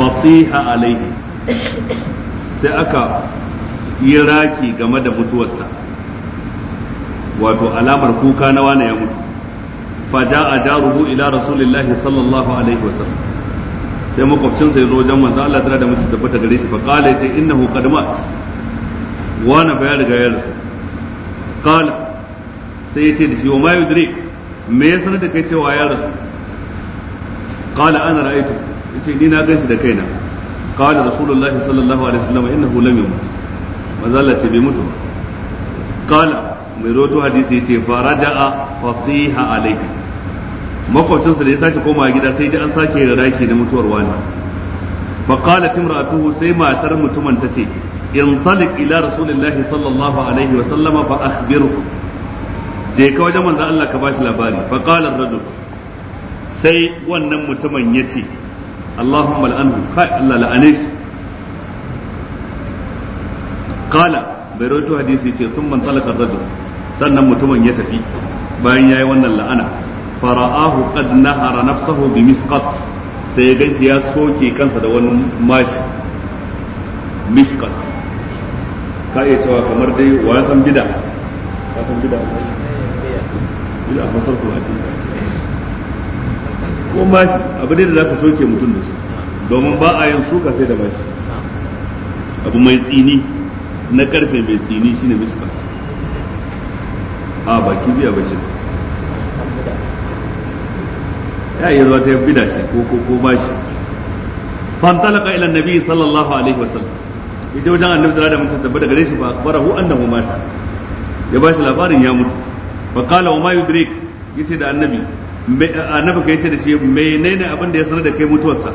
fasiha alaihi sai aka yi raki game da mutuwarsa wato alamar kuka na wane ya mutu faja a jaruhu ila rasulillahi sallallahu alaihi wasallam sai makwabcinsa ya zo wajen manzo Allah tare da mutu tabbata gare shi fa qala yace innahu qad mat wana fa ya riga ya rasu qala sai yace da shi wa ma yudri me ya da kai cewa ya rasu qala ana ra'aytu yace ni na ganshi da kaina qala rasulullahi sallallahu alaihi wasallam innahu lam yamut manzo Allah ce bai mutu qala mai roto hadisi yace faraja'a fasiha alayhi makwabcinsa da ya sake koma gida sai ji an sake raraki na mutuwar wani fa qalat imra'atuhu sai matar mutumin ta ce in talik ila rasulillahi sallallahu alaihi wa sallama fa akhbirhu je ka wajen manzon Allah ka bashi labari fa qala ar sai wannan mutumin yace اللهم لعنه كاي الله لعنيش قال بيروتو حديثي ثم انطلق الرجل sannan mutumin ya tafi bayan yayi wannan la'ana fara'ahu qad sai ya ganshi ya soke kansa da wani mashi misqas a ko bashi abu ne da ka soke mutum da su domin ba a yin suka sai da bashi abu mai tsini na karfe mai tsini shine miskas a baki biya bashi ya yi zuwa ta bida ce ko ko ko bashi fantalaka ila nabi sallallahu alaihi wasallam ita wajen annabi da mutum tabbata gare shi fa barahu annahu mata ya ba shi labarin ya mutu fa qala wa ma yudrik yace da annabi annabi kai ce da shi menene abin da ya sanar da kai mutuwarsa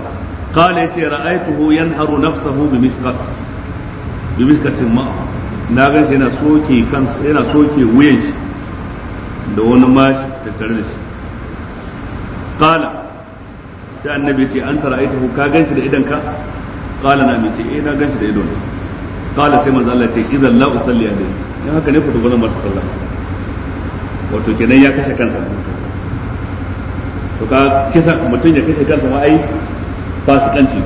qala yace ra'aytuhu yanharu nafsahu bi miskas bi miskasin ma na ga shi yana soke kansa yana soke wuyan shi da wani mashi tattare da shi qala sai annabi ce an tara'aytuhu ka ganshi da idan ka qala na mi ce eh na ganshi da idon qala sai manzo Allah ce idan la usalli alayhi in haka ne ku tuba masa wato kenan ya kashe kansa to ka kisa mutum ya kashe kansa ma ai fasikanci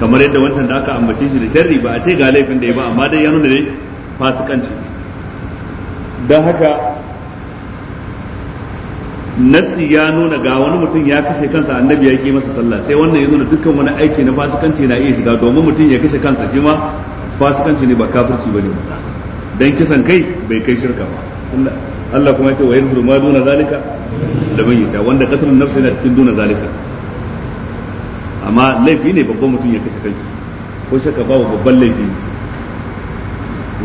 kamar yadda wancan da aka ambace shi da sharri ba a ce ga laifin da ya ba amma dai ya nuna dai fasikanci don haka nassi ya nuna ga wani mutum ya kashe kansa annabi ya ki masa sallah sai wannan ya nuna dukkan wani aiki na fasikanci na iya shiga domin mutum ya kashe kansa shi ma fasikanci ne ba kafirci ne don kisan kai bai kai shirka ba Allah kuma ya ce wa yanzu ma duna zalika da ban yasa wanda katrun nafsi yana cikin duna zalika amma laifi ne babban mutum ya kashe kai ko shaka babu babban laifi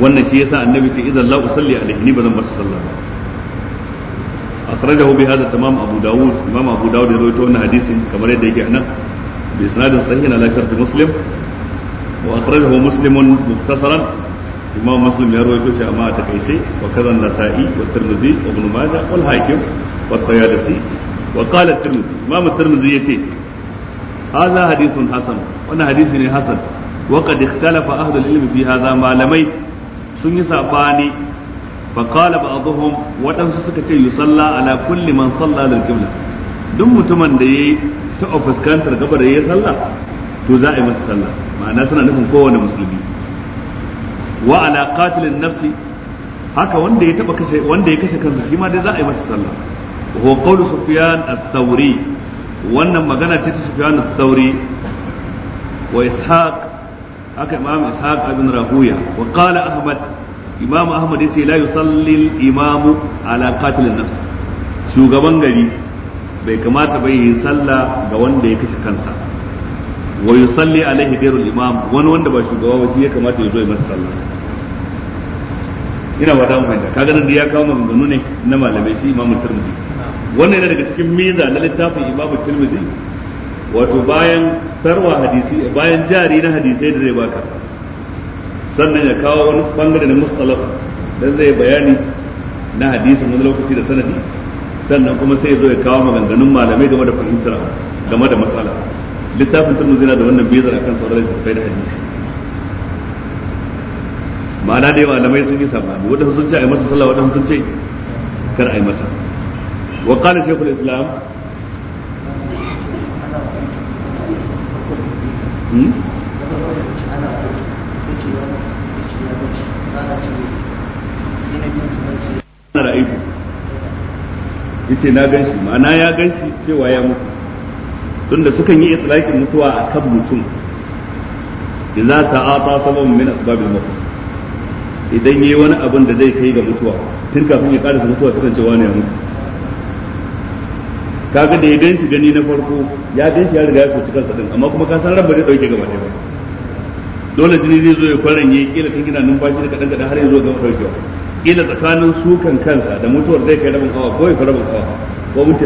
wannan shi yasa annabi ce idan la usalli alaihi ni bazan masa sallah ba akhrajahu bi hadha tamam abu daud imam abu daud ya rawaito wannan hadisin kamar yadda yake anan bi sanadin sahihin ala shart muslim wa akhrajahu muslimun mukhtasaran imam muslim ya rawaito shi amma a takaice wa kaza nasa'i wa tirmidhi wa ibn majah wal hakim wa tayalisi wa qala tirmidhi imam tirmidhi yace hadha hadithun hasan wannan hadisi ne hasan wa qad ikhtalafa ahlul ilm fi hadha malamai sun yi sabani fa qala ba'dhum wadansu suka ce yusalla ala kulli man salla lil qibla duk mutumin da yayi ta fuskantar gaba da yayi sallah to za a yi masa sallah ma'ana suna nufin kowane musulmi wa ala qatilin nafsi haka wanda ya taba kashe wanda ya kashe kansa shi ma dai za a yi masa sallah wa sufyan ath wannan magana ce ta sufyan ath-thawri wa ishaq haka imam ishaq ibn rahuya wa qala ahmad imam ahmad yace la yusalli al-imam shugaban gari bai kamata bai yi sallah ga wanda ya kashe kansa wa yusalli alaihi gairul imam wani wanda ba shugaba ba shi ya kamata ya zo ya masa sallah ina ba damu fahimta kaga nan da ya kawo maganganu ne na malamai shi imamu tirmidhi wannan yana daga cikin miza na littafin imamu tirmidhi wato bayan sarwa hadisi bayan jari na hadisai da zai baka sannan ya kawo wani bangare na mustalaf dan zai bayani na hadisin wani lokaci da sanadi sannan kuma sai ya zo ya kawo maganganun malamai game da fahimtar game da matsala littafin turmuzi na da wannan bezar akan sauran littafai da hadisi ma'ana da yawa malamai sun yi sabani wadansu sun ce a yi masa sallah wadda sun ce kar a yi masa wa qala shaykhul islam hmm? na ra'aitu yace na ganshi ma'ana ya ganshi cewa ya mutu tunda sukan yi itlaqin mutuwa a kan mutum idza ta'ata sabab min asbabil maut idan yi wani abin da zai kai ga mutuwa tun kafin ya karasa mutuwa sukan ce wani ya mutu kaga da ya gan shi gani na farko ya gan shi ya riga ya soci kansa din amma kuma ka san ran ba zai dauke gaba ɗaya ba dole jini zai zo ya kwaranye kila tun gina numfashi da kadan kadan har ya zo gaba daukewa kila tsakanin sukan kansa da mutuwar zai kai rabin awa ko ya rabin awa ko mutu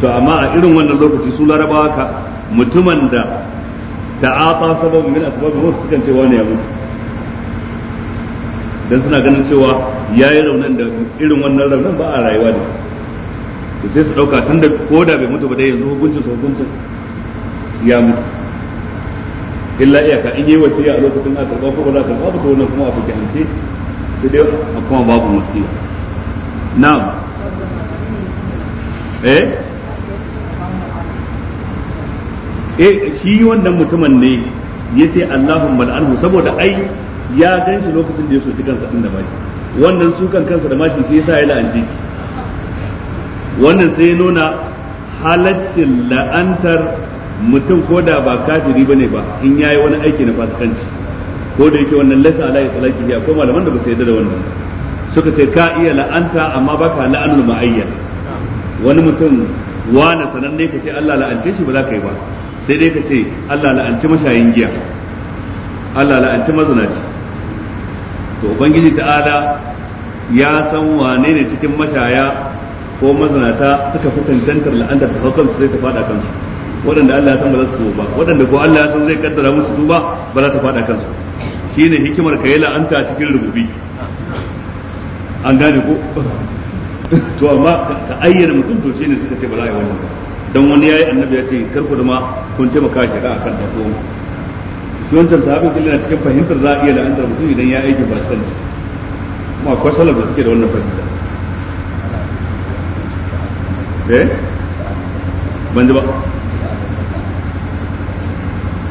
to amma a irin wannan lokaci su larabawa ka mutumin da afa sababu min asbabi wasu sukan ce wani ya mutu dan suna ganin cewa yayi raunan da irin wannan raunan ba a rayuwa da to sai su dauka tunda koda bai mutu ba dai yanzu hukuncin su hukuncin ya mutu illa iyaka in yi wasiya a lokacin a karba ko ba za a karba ba to wannan kuma a fikihance sai dai a kuma babu wasiya na'am eh eh shi wannan mutumin ne yace Allahumma al'anhu saboda ai ya gan shi lokacin da ya soki kansa din da mashi wannan sukan kansa da mashi sai yasa ya la'ance shi wannan sai ya nuna halaccin la'antar mutum ko da ba kafiri bane ba in yayi wani aiki na fasikanci ko da yake wannan laisa ala itlaqi ya ko malaman da ba su yadda da wannan suka ce ka iya la'anta amma baka la'anul ma'ayyan wani mutum wani sananne ka ce Allah la'ance shi ba za ka yi ba sai dai ka ce Allah la'anci mashayin giya Allah la'anci mazinaci to ubangiji ta'ala ya san wane ne cikin mashaya ko mazinata suka fi cancantar la'antar ta hukunsu sai ta fada kansu waɗanda Allah ya san ba za su tuba waɗanda ko Allah ya san zai kaddara musu tuba ba za ta fada kansu shine hikimar ka yi la'anta cikin rububi an gane ko to amma ka ayyana mutum to shine suka ce ba za a yi wannan ba dan wani yayi annabi ya ce kar ku da ma kun ce maka shi akan da ko shi wancan sahabin kullun a cikin fahimtar za a iya la'antar mutum idan ya aiki ba sanci kuma akwai salaf da suke da wannan fahimta eh banda ba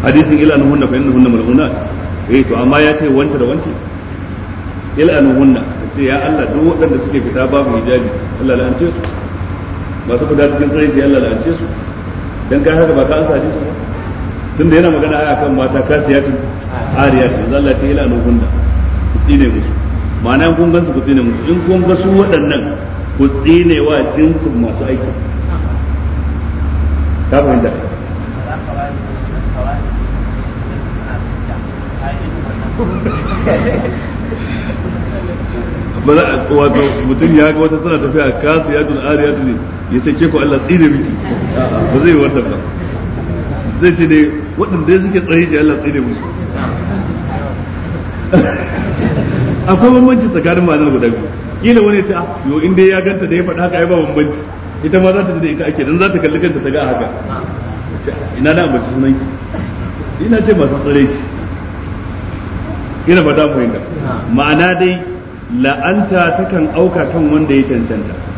hadisin ila nuhunna fa hunna mal'una eh to amma ya ce wance da wance ila nuhunna sai ya Allah duk waɗanda suke fita babu hijabi Allah la'ance su masu fita cikin tsari sai Allah la'ance su dan kai haka ba ka ansa su ba tunda yana magana aya kan mata kasiyatu ariyatu manzo Allah ce ila nuhunna ku tsine musu ma'ana kun gansu ku tsine musu in kun ga su waɗannan ku tsine wa jinsu masu aiki ka fahimta wato mutum ya ga wata tana tafiya kasiyatun ariyatu ne ya ce ke ku Allah tsire miki ba zai yi ba zai ce dai waɗanda suke tsaye shi Allah tsire musu [laughs] akwai bambanci tsakanin ma'anar guda biyu kila wani ce ah yo in dai ya ganta da ya faɗa haka ya ba bambanci ita ma za ta ji da ita ake dan za ta kalli kanta ta ga haka ina na ambaci sunan ki ina ce masu tsare shi ina ba da fahimta ma'ana dai la'anta takan auka kan wanda ya cancanta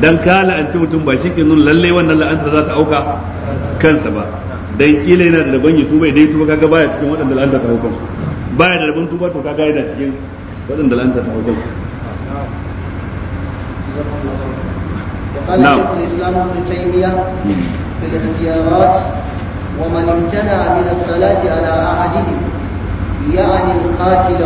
dan ka la'anci mutum ba shi ke nuna lallai wannan la'anta za ta auka kansa ba dan kila yana da rabon ya tuba idan tuba kaga baya cikin waɗanda la'anta ta auka baya da rabon tuba to kaga yana cikin waɗanda la'anta ta auka وقال شيخ الاسلام ابن تيميه في الاختيارات ومن امتنع من الصلاه على احدهم يعني القاتل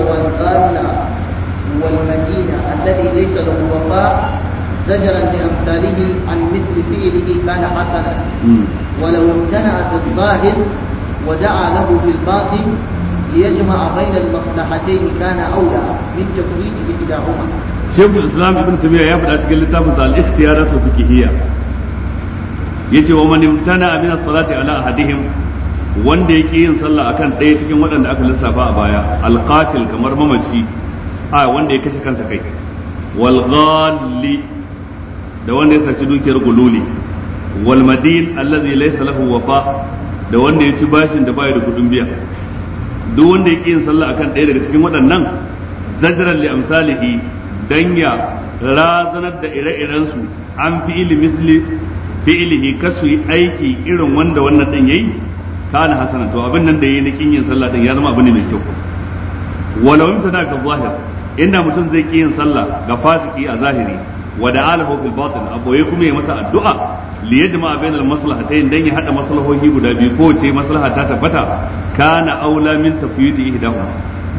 والمدينه الذي ليس له وفاء زجرا لأمثاله عن مثل فعله كان حسنا ولو امتنع في الظاهر ودعا له في الباطن ليجمع بين المصلحتين كان أولى من تفريج إحداهما شيخ الإسلام ابن تيمية يفرد أشكال لتابس الاختيارات الفقهية yace wa man imtana min as-salati ala ahadihim wanda yake yin sallah akan ɗaya cikin waɗanda aka lissafa a baya alqatil kamar mamaci a wanda ya kashe kansa kai wal ghalli da wanda ya saci dukiyar gululi wal madin allazi laysa lahu wafa da wanda ya ci bashin da bai da kudin biya duk wanda ya yin sallah akan ɗaya daga cikin waɗannan zajran li amsalihi dan ya razanar da ire-iren su an fi'ili misli fi'ilihi kasu aiki irin wanda wannan din yayi kana hasana to abin nan da yayi na kin yin sallah din ya zama abu ne mai kyau walau tana ga zahir inda mutum zai ki yin sallah ga fasiki a zahiri wa da'a lahu bil batil a boye kuma ya masa addu'a li yajma bainal maslahatayn dan ya haɗa maslahohi guda biyu kowace ce maslaha ta tabbata kana aula min tafyiti ihdahum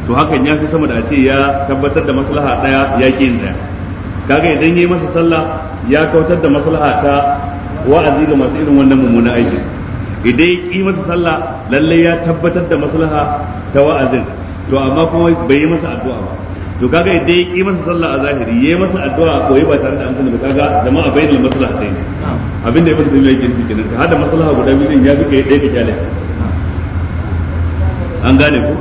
to hakan ya fi sama da a ce ya tabbatar da maslaha daya ya ki daya kaga idan yayi masa sallah ya kautar da maslaha ta wa'azi ga masu irin wannan mummunan aikin idan ya ki masa sallah lallai ya tabbatar da maslaha ta wa'azin to amma kuma bai yi masa addu'a ba to kaga idan yi masa sallah a zahiri yayi masa addu'a koyi ba tare da an sani ba kaga jama'a bainal maslaha dai abin da ya fita mai yake cikin ka hada maslaha guda biyu din ya bi kai dai ka kyale an gane ku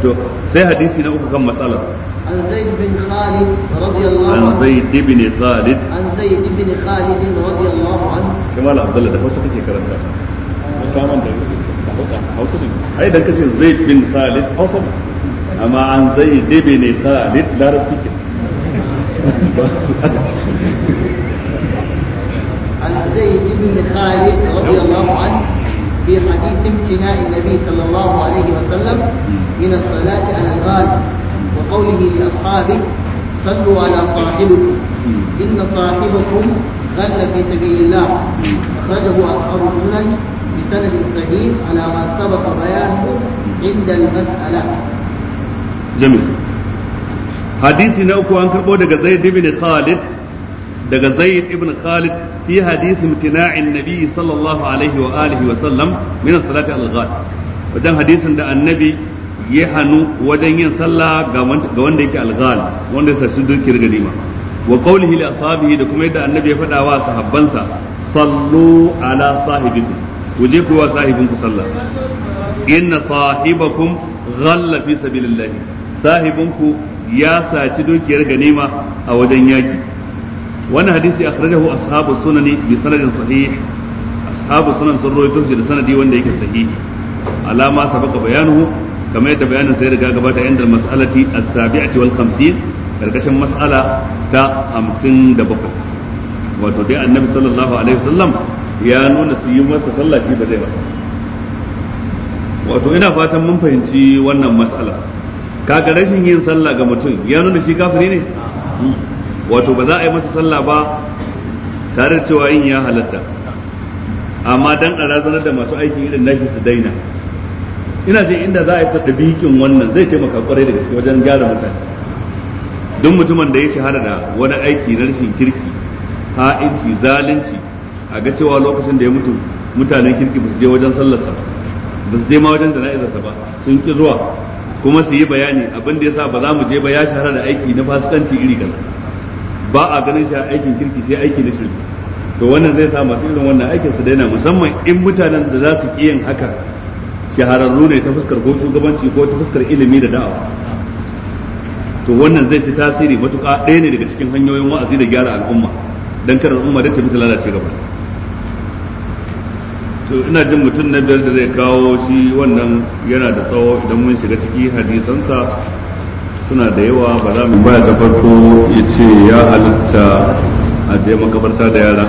to sai hadisi na uku kan matsalar عن زيد بن خالد رضي الله عنه عن زيد بن خالد عن زيد بن خالد رضي الله عنه كمال عبد الله ده هوسه كيك كرنتا كمان ده هوسه هوسه اي ده كتير زيد بن خالد amma an zai dibi ne ta larabci عن زيد بن خالد رضي الله عنه في حديث امتناء النبي صلى الله عليه وسلم من الصلاة على الغال وقوله لأصحابه صلوا على صاحبكم إن صاحبكم غل في سبيل الله أخرجه أصحاب السنن بسند صحيح على ما سبق بيانه عند المسألة jamil hadisi na uku an karbo daga zaid ibn khalid daga zaid ibn khalid fi hadisi imtina'in nabi sallallahu alaihi wa alihi wa sallam min salati al wajen hadisin da annabi ya hannu wajen yin sallah ga wanda yake alghal wanda ya sashi dukiyar ganima wa qawlihi li ashabihi da kuma yadda annabi ya faɗa wa sallu ala sahibikum wa sahibinku sallah inna sahibakum ghalla fi sahibinku ya saci dukiyar ganima a wajen yaki Wani hadisi akhrajahu ashabu sunani bi sanadin sahih ashabu sunan sun rawaito shi da sanadi wanda yake sahihi alama sabaka bayanuhu kamar yadda bayanin sai riga gabata inda mas'alati as-sabi'ati wal 50 karkashin mas'ala ta 57 wato dai annabi sallallahu alaihi wasallam ya nuna su yi masa sallah shi ba zai masa wato ina fatan mun fahimci wannan mas'ala kaga rashin yin sallah ga mutum ya nuna shi kafiri ne wato ba za a yi masa sallah ba tare da cewa yin ya halatta amma dan a razanar da masu aiki irin nashi su daina ina ce inda za a yi bikin wannan zai taimaka kwarai da gaske wajen gyara mutane duk mutumin da ya shahara da wani aiki na rashin kirki ha'inci zalunci a ga cewa lokacin da ya mutu mutanen kirki ba su je wajen sallarsa ba su je ma wajen jana'izarsa ba sun ki zuwa kuma su yi bayani abin da yasa ba za mu je ba ya shahara da aiki na fasikanci iri kaza ba a ganin shi aikin kirki sai aiki na shirki to wannan zai sa masu irin wannan aikin su daina musamman in mutanen da za su ki yin haka shahararru ne ta fuskar ko shugabanci ko ta fuskar ilimi da da'awa to wannan zai fi tasiri matuƙa ɗaya ne daga cikin hanyoyin wa'azi da gyara al'umma dan kar al'umma da ta bi ta lalace gaba to ina jin mutum na biyar da zai kawo shi wannan yana da tsawo idan mun shiga ciki hadisansa suna da yawa ba za mu baya ta farko ya ce ya halitta a je makabarta da yara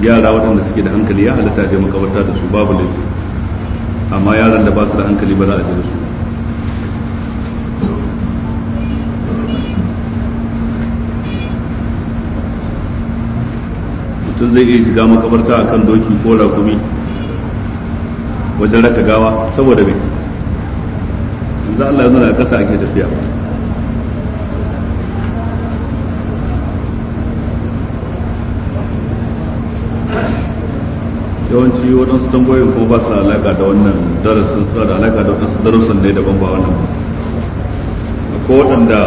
yara waɗanda suke da hankali ya halitta a je makabarta da su babu laifi amma yaran da ba su da hankali ba za a je da su mutum zai iya shiga makabarta akan doki ko rakumi wajen raka gawa saboda mai za Allah yana da kasa ake tafiya yawanci waɗansu tambayoyin ko ba su da alaƙa da wannan darasin suna da alaƙa da waɗansu darussan ne daban ba wannan ko waɗanda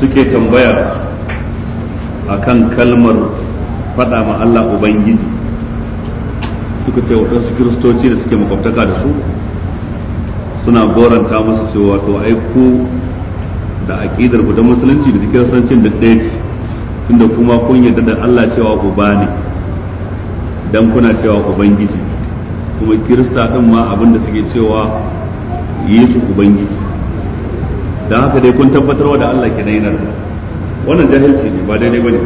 suke tambaya akan kalmar faɗa ma Allah ubangiji suka ce waɗansu kiristoci da suke makwabtaka da su suna goranta musu cewa to ai da aƙidar ku ta musulunci da kiristancin da ɗaya ce tunda kuma kun yarda da Allah cewa uba ne dan kuna cewa ubangiji kuma kirista din ma abin da suke cewa yesu ubangiji don haka dai kun tabbatarwa da Allah kenan yana da wannan jahilci ne ba daidai bane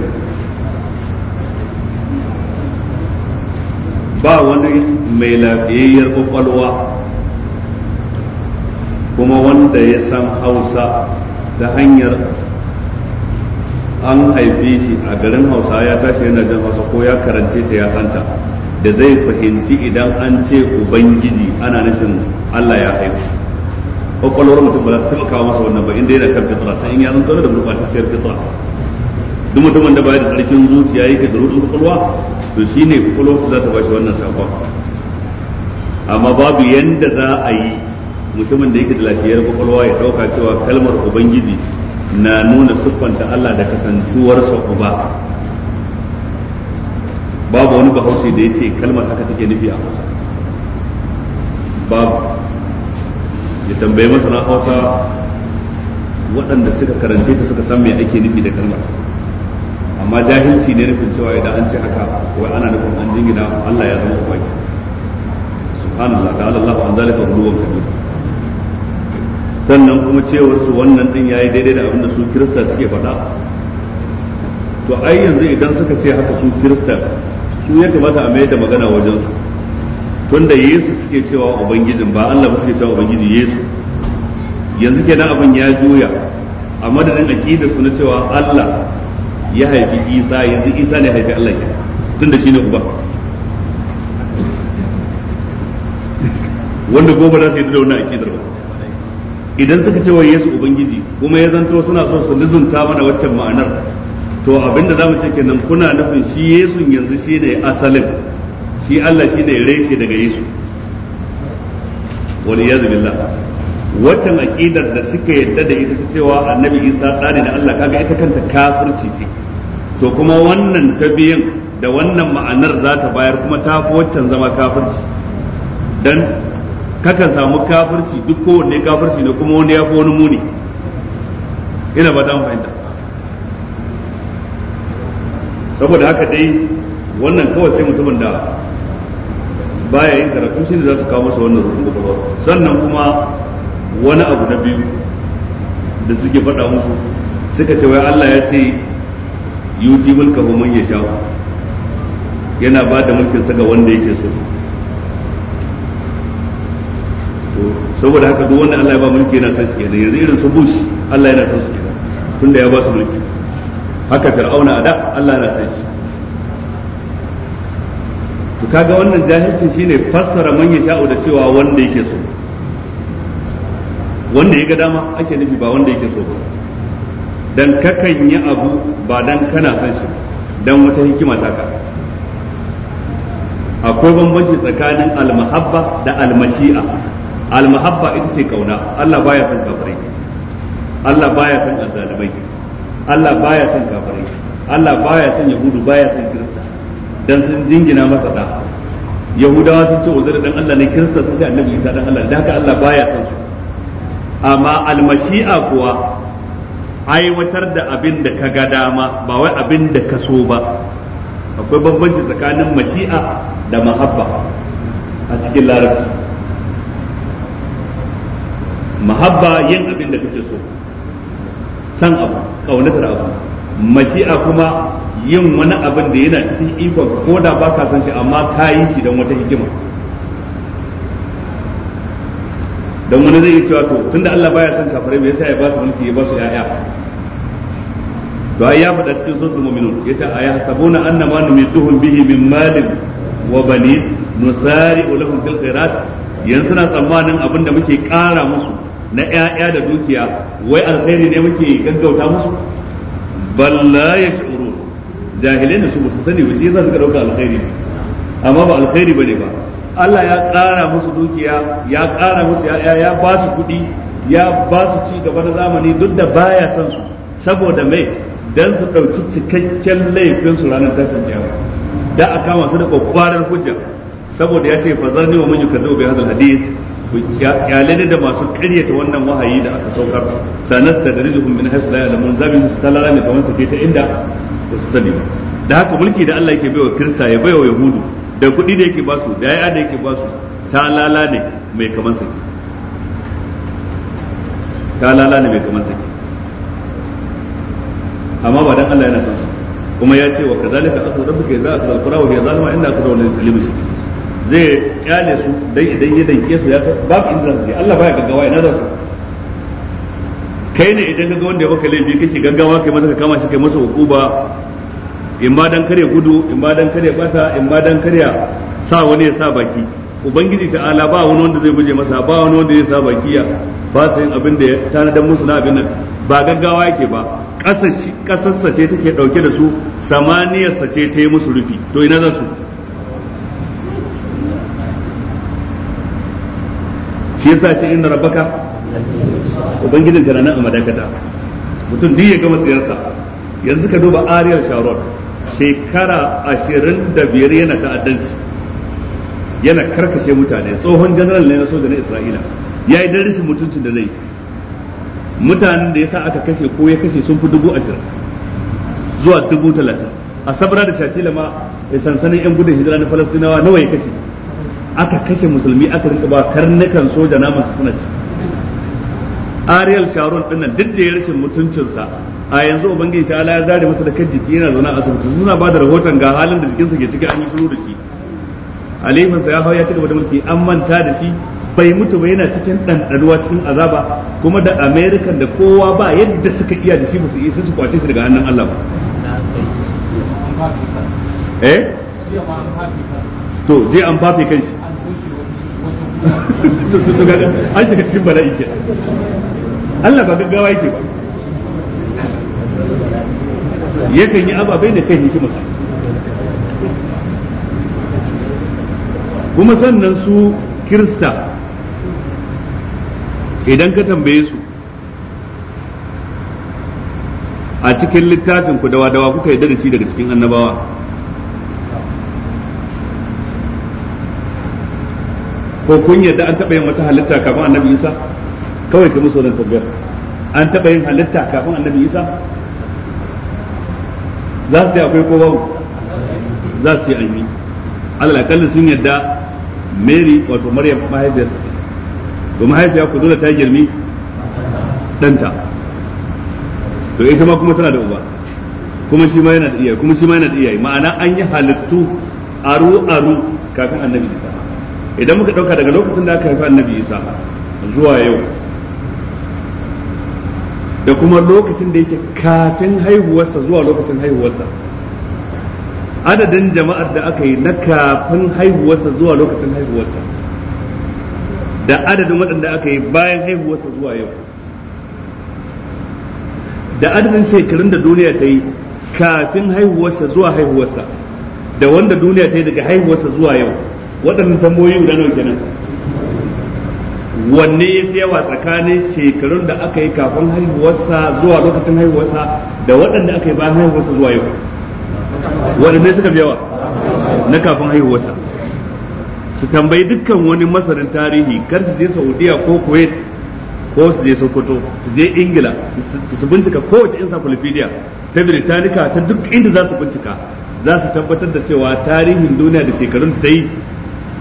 ba wani mai lafiyayyar kwakwalwa kuma wanda ya san hausa ta hanyar an haife shi a garin hausa ya tashi yana jin hausa ko ya karance ta ya santa da zai fahimci idan an ce ubangiji ana nufin allah ya haifu kwakwalwar mutum ba za ta taɓa kawo masa wannan ba inda yana kan fitra sai in ya zanto da gurɓatacciyar fitra duk mutumin da baya da tsarkin zuciya yake da rudin kwakwalwa to kwakwalwar su za ta bashi wannan sakon amma babu yanda za a yi mutumin da yake da lafiyar kwakwalwa ya ɗauka cewa kalmar ubangiji na nuna siffanta Allah da kasantuwarsa uba babu wani bahaushe da ya ce kalmar haka take nufi a hausa ya tambayi masana hausa waɗanda suka karance ta suka san me ake nufi da kalmar amma jahilci ne nufin cewa idan an ce haka wai ana nufin an jingina Allah ya zama ubangiji subhanallah ta'ala Allah an zalika ruwan kabira sannan kuma cewar su wannan din yayi daidai da abin da su kirista suke faɗa to ai yanzu idan suka ce haka su kirista su ya kamata a mai da magana wajen su tunda Yesu suke cewa ubangijin ba Allah ba suke cewa ubangiji Yesu yanzu kenan abin ya juya a madadin aqida su na cewa Allah ya haifi Isa yanzu Isa ne haifi Allah ke tunda shine uba wanda gobe za su yi da wannan aqidar ba idan suka cewa Yesu ubangiji kuma ya zanto suna so su lizunta mana waccan ma'anar to abinda zamu ce kenan kuna nufin shi Yesu yanzu shine asalin shi Allah shi ya reshe daga yesu wani yazu Allah waccan aƙidar da suka yadda da ita ta cewa annabi isa tsari da Allah kaga ita kanta kafirci ce to kuma wannan ta biyan da wannan ma'anar za ta bayar kuma ta fi waccan zama kafirci dan kakan samu kafirci duk kowanne kafirci ne kuma wani ya fi wani muni ina ba ta fahimta saboda haka dai wannan kawai sai mutumin da baya yin karatu shi ne za su kawo masa wannan rukun kwakwalwa sannan kuma wani abu na biyu da suke faɗa musu suka ce wai Allah ya ce yuti mulka man ya sha yana ba da mulkin ga wanda yake so saboda haka duk wanda Allah ya ba mulki yana son shi kenan yanzu irin su Bush Allah yana son su kenan tunda ya ba su mulki haka Fir'auna a da Allah yana son shi to kaga wannan jahilcin shine fassara man ya sha'u da cewa wanda yake so wanda ya ga dama ake nufi ba wanda yake so ba dan kakan yi abu ba dan kana son shi dan wata hikima ta ka akwai bambanci tsakanin almahabba da almashi'a almahabba ita ce kauna Allah baya son kafirai Allah baya son azzalimai Allah baya son kafirai Allah baya son yahudu baya son kirista dan sun jingina masa da yahudawa sun ce uzairu dan Allah ne kirista sun ce annabi isa dan Allah da haka Allah baya san su amma almashi'a kuwa aiwatar da abin da ka ga dama ba wai abin da ka so ba akwai bambanci tsakanin mashi'a da mahabba a cikin larabci mahabba yin abin da kake so san abu kaunatar abu mashi'a kuma yin wani abin da yana cikin ikon ko da ba ka san shi amma ka yi shi don wata hikima don wani zai yi cewa to tunda Allah baya son kafirai me yasa ya ba su mulki ya ba su ya'ya to ai ya faɗa cikin suratul mu'minun yace aya hasabuna annama numiduhum bihi min malin wa banin nusari'u lahum fil khairat yanzu suna tsammanin abin da muke ƙara musu na ƴaƴa da dukiya wai alkhairi ne muke gaggauta musu balla jahilai ne su ba su sani ba shi yasa suka dauka alkhairi amma ba alkhairi ne ba Allah ya ƙara musu dukiya ya ƙara musu ya'ya ya ba su kuɗi ya ba su ci gaba na zamani duk da baya san su saboda mai dan su ɗauki cikakken laifin su ranar tashin kiyama da aka kama su da kwakwarar hujja saboda ya ce fazar ne wa mun yukazu bai hadal hadith kyale ne da masu karyata wannan wahayi da aka saukar sanasta da rijuhum min haythu la ya'lamun zabi su talala ne kamar su ke ta inda ba su sani ba da haka mulki da Allah yake baiwa kirista ya baiwa yahudu da kuɗi da yake ba su da yaya da yake ba su ta lala ne mai kaman sake ta lala ne mai kaman sake amma ba dan Allah yana son su kuma ya ce wa kazalika akhdhu rabbuka za a al alqura wa hiya zalima inna akhdahu alimun shadid zai kyale su dai idan ya danke su ya babu inda zai Allah baya gaggawa ina za su kai ne idan ka ga wanda ya maka laifi kake gaggawa kai masa ka kama shi kai masa hukuma in ba dan kare gudu in ba dan kare bata in ba dan kare sa wani ya sa baki ubangiji ta'ala ba wani wanda zai buje masa ba wani wanda zai sa baki ya ba su yin abin da ya tanadan musu na abin nan ba gaggawa yake ba kasassa ce take dauke da su samaniyarsa ce ta yi musu rufi to ina za su shi yasa ce inna rabbaka ubangijin kana nan a madakata mutum duk ya gama tsayarsa yanzu ka duba Ariel Sharon shekara ashirin da biyar yana ta'addanci yana karkashe mutane tsohon general ne na soja na Isra'ila ya yi dan mutuncin da zai mutanen da ya sa aka kashe ko ya kashe sun fi dubu ashirin zuwa dubu talatin a sabra da shatila ma eh, sansanin yan gudun hijira na falastinawa nawa ya kashe aka kashe musulmi aka rinka ba karnukan soja masu suna ci Ariel Sharon nan duk da ya rashin mutuncinsa a yanzu ubangiji ta ya zare masa da kan jiki yana zaune a asibiti suna ba da rahoton ga halin da jikinsa ke ciki an yi shiru da shi alifinsa ya hau ya gaba da mulki an manta da shi bai mutu ba yana cikin ɗanɗanuwa cikin azaba kuma da american da kowa ba yadda suka iya da shi ba su iya su kwace shi daga hannun allah ba eh to je an fafe kan shi to to ga an shiga cikin bala'i kenan Allah ba gaggawa yake ba yakan yi ababai da kai su kuma sannan su kirista idan ka tambaye su a cikin littafin ku dawa dawa kuka yarda da shi daga cikin annabawa ko kun yarda an taɓa yin wata halitta kamar annabi isa kawai ka musu wannan tambayar an taɓa yin halitta kafin annabi isa za su yi akwai ko babu za su yi ainihi allah kalli sun yadda mary wato maryam mahaifiyar to mahaifiya ku dole ta yi girmi ɗanta to ita ma kuma tana da uba kuma shi ma yana da iyaye kuma shi ma yana da iyaye ma'ana an yi halittu aru aru kafin annabi isa idan muka ɗauka daga lokacin da aka haifi annabi isa zuwa yau da kuma lokacin da yake kafin haihuwarsa zuwa lokacin haihuwarsa adadin jama'ar da aka yi na kafin haihuwarsa zuwa lokacin haihuwarsa da adadin waɗanda aka yi bayan haihuwarsa zuwa yau da adadin shekarun da duniya ta yi kafin haihuwarsa zuwa haihuwarsa da wanda duniya ta yi daga haihuwarsa zuwa yau waɗannan tambayoyi guda nawa kenan wanne ya fi yawa tsakanin shekarun da aka yi kafin haihuwarsa zuwa lokacin haihuwarsa da waɗanda aka yi bayan haihuwarsa zuwa yau waɗanne suka fi yawa na kafin haihuwarsa su tambayi dukkan wani masanin tarihi kar su je saudiya ko kuwait ko su je sokoto su je ingila su bincika kowace encyclopedia ta birtanika ta duk inda za su bincika za su tabbatar da cewa tarihin duniya da shekarun ta yi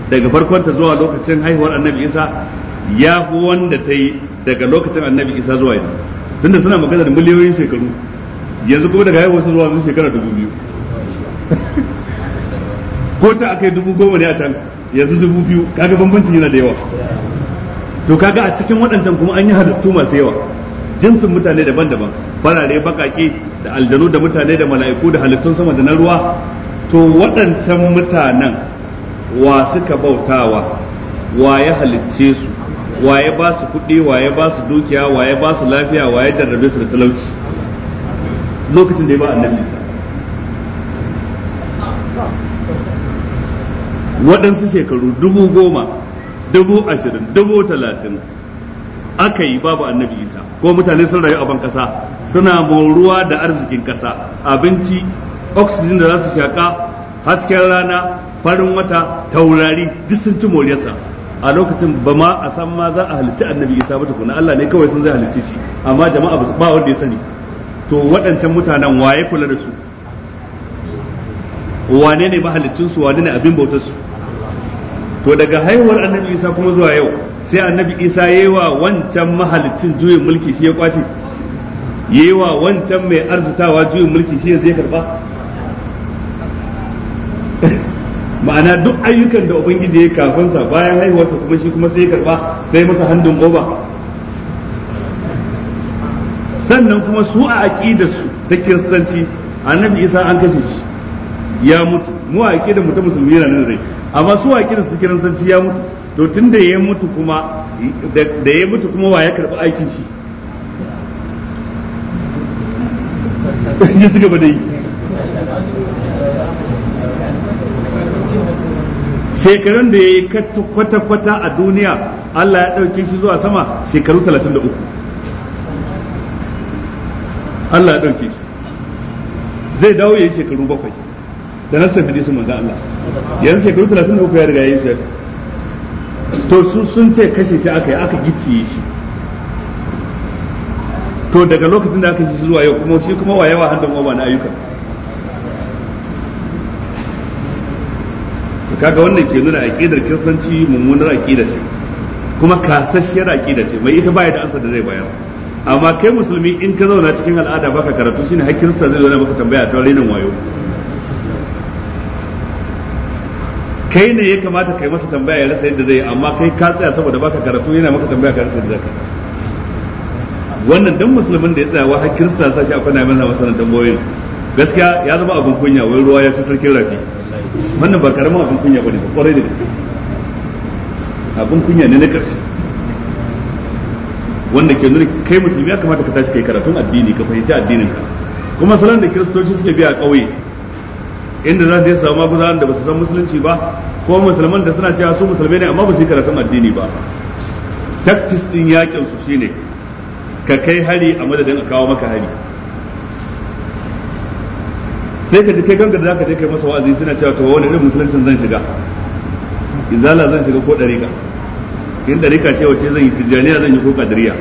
daga farkonta zuwa lokacin haihuwar annabi isa ya fi wanda ta yi daga lokacin annabi isa zuwa yanzu tunda suna maganar miliyoyin shekaru yanzu kuma daga haihuwarsa zuwa zuwa shekara dubu biyu [laughs] ko ta aka yi dubu goma ne a can yanzu dubu biyu kaga bambancin yana da yawa to kaga a cikin waɗancan kuma an yi halittu masu yawa jinsin mutane daban-daban farare bakake da aljanu da mutane da mala'iku da halittun sama da na ruwa to waɗancan mutanen wa suka bautawa wa ya halicce su waye ba su kuɗi waye ba su dukiya waye ba su lafiya waye jarrabe su da talauci lokacin da ya ba annabi Isa waɗansu shekaru dubu goma dubu ashirin dubu talatin aka yi babu annabi isa ko mutane sun rayu a ban kasa suna moruwa da arzikin kasa abinci oxygen da za su shaka hasken rana farin wata taurari duk sun ci moriyarsa a lokacin ba ma a san ma za a halicci annabi isa ba tukuna Allah ne kawai sun zai halicci shi amma jama'a ba wanda ya sani to waɗancan mutanen waye kula da su wane ne mahalicin su wane ne abin bautar su to daga haihuwar annabi isa kuma zuwa yau sai annabi isa yayi wa wancan mahalicin juyin mulki shi ya kwace yayi wa wancan mai arzikawa juyin mulki shi ya zai karba ma'ana duk ayyukan da ubangiji ya kafin sa bayan haihuwarsa kuma shi kuma sai karba sai masa handun oba sannan kuma su a su ta kiristanci annabi isa an kashe shi ya mutu mu a aqidar mu ta musulmi yana nan rai amma su a aqidar su kiristanci ya mutu to tunda ya mutu kuma da ya mutu kuma wa ya karba aikin shi [laughs] ya ci gaba da yi shekarun da ya yi kwata-kwata a duniya Allah ya ɗauke shi zuwa sama shekaru 33 Allah ya ɗauke shi zai dawo ya yi shekaru bakwai da nassan hadisu manzan Allah yanzu shekaru 33 ya riga ya yi shi to su sun ce kashe shi aka yi aka gicciye shi to daga lokacin da aka shi zuwa yau kuma shi kuma wayewa hannun uwa na ayyuka kaga wannan ke nuna aqidar kiristanci mummunar aqida ce kuma kasasshiyar aqida ce mai ita baya da ansa da zai bayar amma kai musulmi in ka zauna cikin al'ada baka karatu shine har kirista zai zauna maka tambaya ta renin wayo kai ne ya kamata kai masa tambaya ya rasa yadda zai amma kai ka tsaya saboda baka karatu yana maka tambaya ka rasa yadda zai wannan dan musulmin da ya tsaya wa har kirista sa shi akwai na masa masalan tambayoyin gaskiya ya zama abin kunya wai ruwa ya ci sarkin rafi wannan ba karamin abin kunya bane ba kwarai da gaske abin kunya ne na karshe wanda ke nuna kai musulmi ya kamata ka tashi kai karatun addini ka fahimci addinin ka kuma salon da kiristoci suke biya a ƙauye inda za su yi samu maguzawan da ba su san musulunci ba ko musulman da suna cewa su musulmai ne amma ba su yi karatun addini ba taktis din yakin su shine ka kai hari a madadin a kawo maka hari sai ka ji kai ganga da zaka je kai masa wa'azi suna cewa to wani irin musulunci zan shiga izala zan shiga ko dariƙa in dariƙa ce wace zan yi tijjaniya zan yi ko kadiriya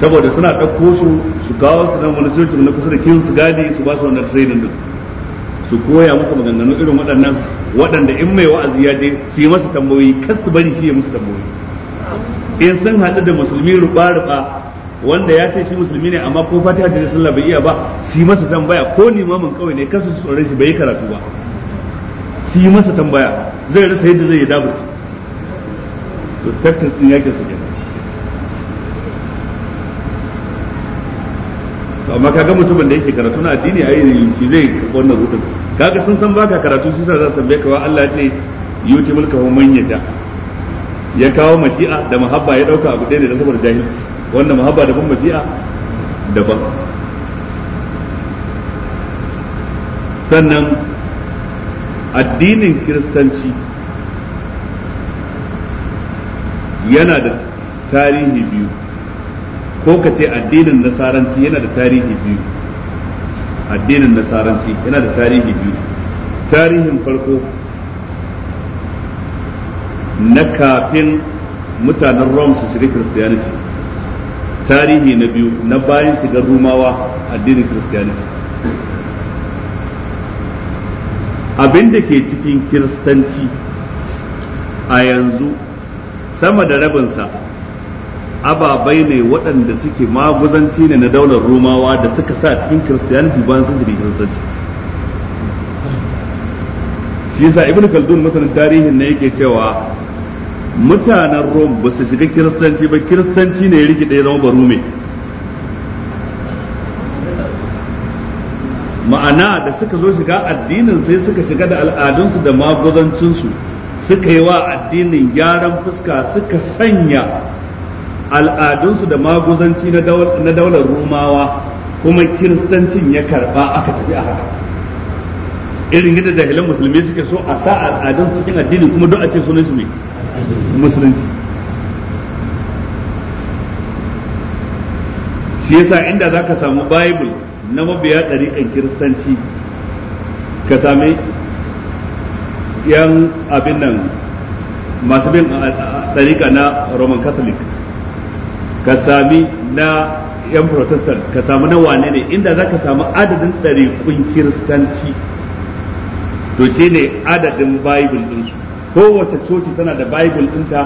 saboda suna ɗauko su su kawo su nan wani cocin na kusa da kin su gadi su ba su wannan training din su koya musu maganganu irin waɗannan waɗanda in mai wa'azi ya je su yi masa tambayoyi kas su bari shi ya musu tambayoyi in sun haɗu da musulmi ruɓa-ruɓa wanda ya ce shi musulmi ne amma ko fatiha da sallah bai iya ba si masa tambaya ko ni mun kawai ne kasu tsoron shi bai karatu ba si masa tambaya zai rasa yadda zai yi shi to tattas din yake su kenan to amma kaga mutumin da yake karatu na addini ai yunci zai wannan rudin kaga sun san baka karatu shi sa za su bai ka Allah ya ce yuti mulkahu man yasha ya kawo mashi'a da mahabba ya dauka abu ɗaya ne da saboda jahilci wannan mahabba daban mashi'a daban sannan addinin kiristanci yana da tarihi biyu ko ka ce addinin nasaranci yana da tarihi biyu addinin nasaranci yana da tarihi biyu tarihin farko na kafin mutanen rom su shiga kiristiyanci tarihi na biyu na bayan shigar rumawa addinin kiristiyaniti abin da ke cikin kiristanci a yanzu sama da rabinsa ababai ne waɗanda suke maguzanci ne na daular rumawa da suka sa cikin kiristiyaniti bayan sun shiga kiristanci shi yasa ibn khaldun masanin tarihin ne yake cewa mutanen rom ba su shiga kiristanci ba kiristanci ne ya ɗaya zama barume ma'ana da suka zo shiga addinin sai suka shiga da al'adunsu da magozancinsu suka yi wa addinin gyaran fuska suka sanya al'adunsu da magozanci na daular rumawa kuma kiristancin ya karba aka tafi a haka irin yadda jahilan musulmi suke so a sa al'adun cikin addini kuma don a ce sunan su ne musulunci shi yasa inda za ka samu bible na mabiya ɗariƙan kiristanci ka sami yan abin nan masu bin ɗariƙa na roman catholic ka sami na yan protestant ka sami na wane ne inda za ka samu adadin ɗariƙun kiristanci to ne adadin bible din su kowace coci tana da bible dinta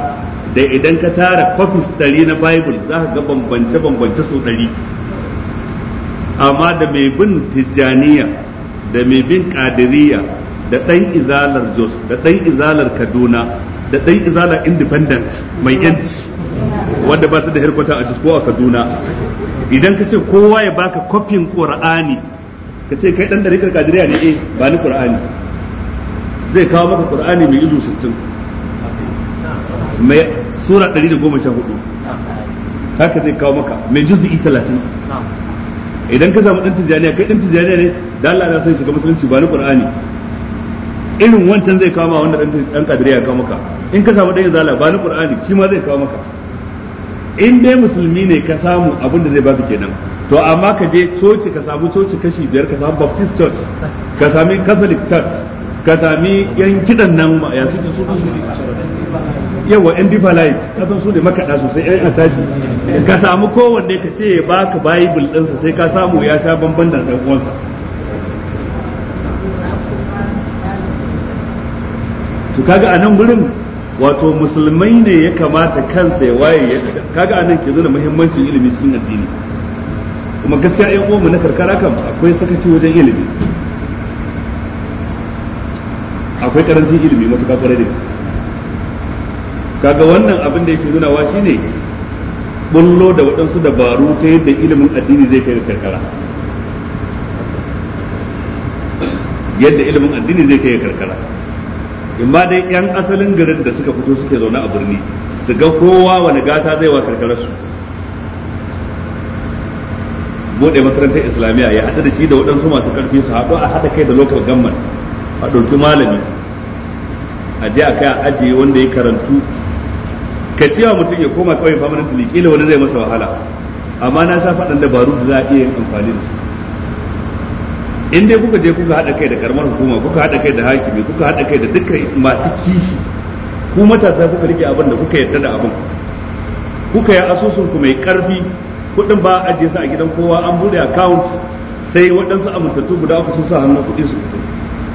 da idan ka tara kofis ɗari na bible za ka ga bambance bambance su ɗari amma da mai bin tijjaniya da mai bin ƙadiriya da ɗan izalar jos da ɗan izalar kaduna da ɗan izalar independent mai yanci wanda ba su da harkwata a ko a kaduna idan ka ce kowa ya baka kofin ƙur'ani ka ce kai ɗan ɗarikar kadiriya ne eh ba ni ƙur'ani zai kawo maka qur'ani mai izu 60 mai sura 114 haka zai kawo maka mai juz'i 30 idan ka samu dan tijaniya kai dan tijaniya ne da Allah na san shiga musulunci ba ni qur'ani irin wancan zai kawo ma wanda dan kadiriya ya kawo maka in ka samu dan izala ba ni qur'ani shi ma zai kawo maka in dai musulmi ne ka samu abin da zai baka kenan to amma ka je coci ka samu coci kashi biyar ka samu baptist church ka sami catholic church ka sami yan kidan nan ya suke su su yawa yan difa layi ka su ne makaɗa sosai yan atashi ka samu kowanne ka ce ba ka bayi bulɗinsa sai ka samu ya sha bamban da ɗan uwansa to kaga a nan gurin wato musulmai ne ya kamata kansa ya waye ya kaga a nan ke zuna muhimmancin ilimi cikin addini kuma gaskiya yan uwanmu na karkara kam akwai sakaci wajen ilimi akwai karancin ilimi matuƙa kwarai da kaga wannan abin da yake nunawa shine bullo da waɗansu dabaru ta yadda ilimin addini zai kai karkara yadda ilimin addini zai kai karkara in ba dai yan asalin garin da suka fito suke zaune a birni su ga kowa wani gata zai wa karkararsu bude makarantar islamiyya ya haɗu da shi da waɗansu masu ƙarfi su haɗu a haɗa kai da local government a ɗauki malami a je a kai a ajiye wanda ya karantu ka wa mutum ya koma kawai permanently kila wani zai masa wahala amma na sa faɗan dabaru da za a iya yin amfani da su in dai kuka je kuka haɗa kai da karamar hukuma kuka haɗa kai da hakimi kuka haɗa kai da dukkan masu kishi ku matasa kuka rike abin da kuka yarda da abin kuka yi asusun ku mai karfi kuɗin ba a ajiye su a gidan kowa an buɗe account sai waɗansu amintattu guda uku sun sa hannun kuɗi su fito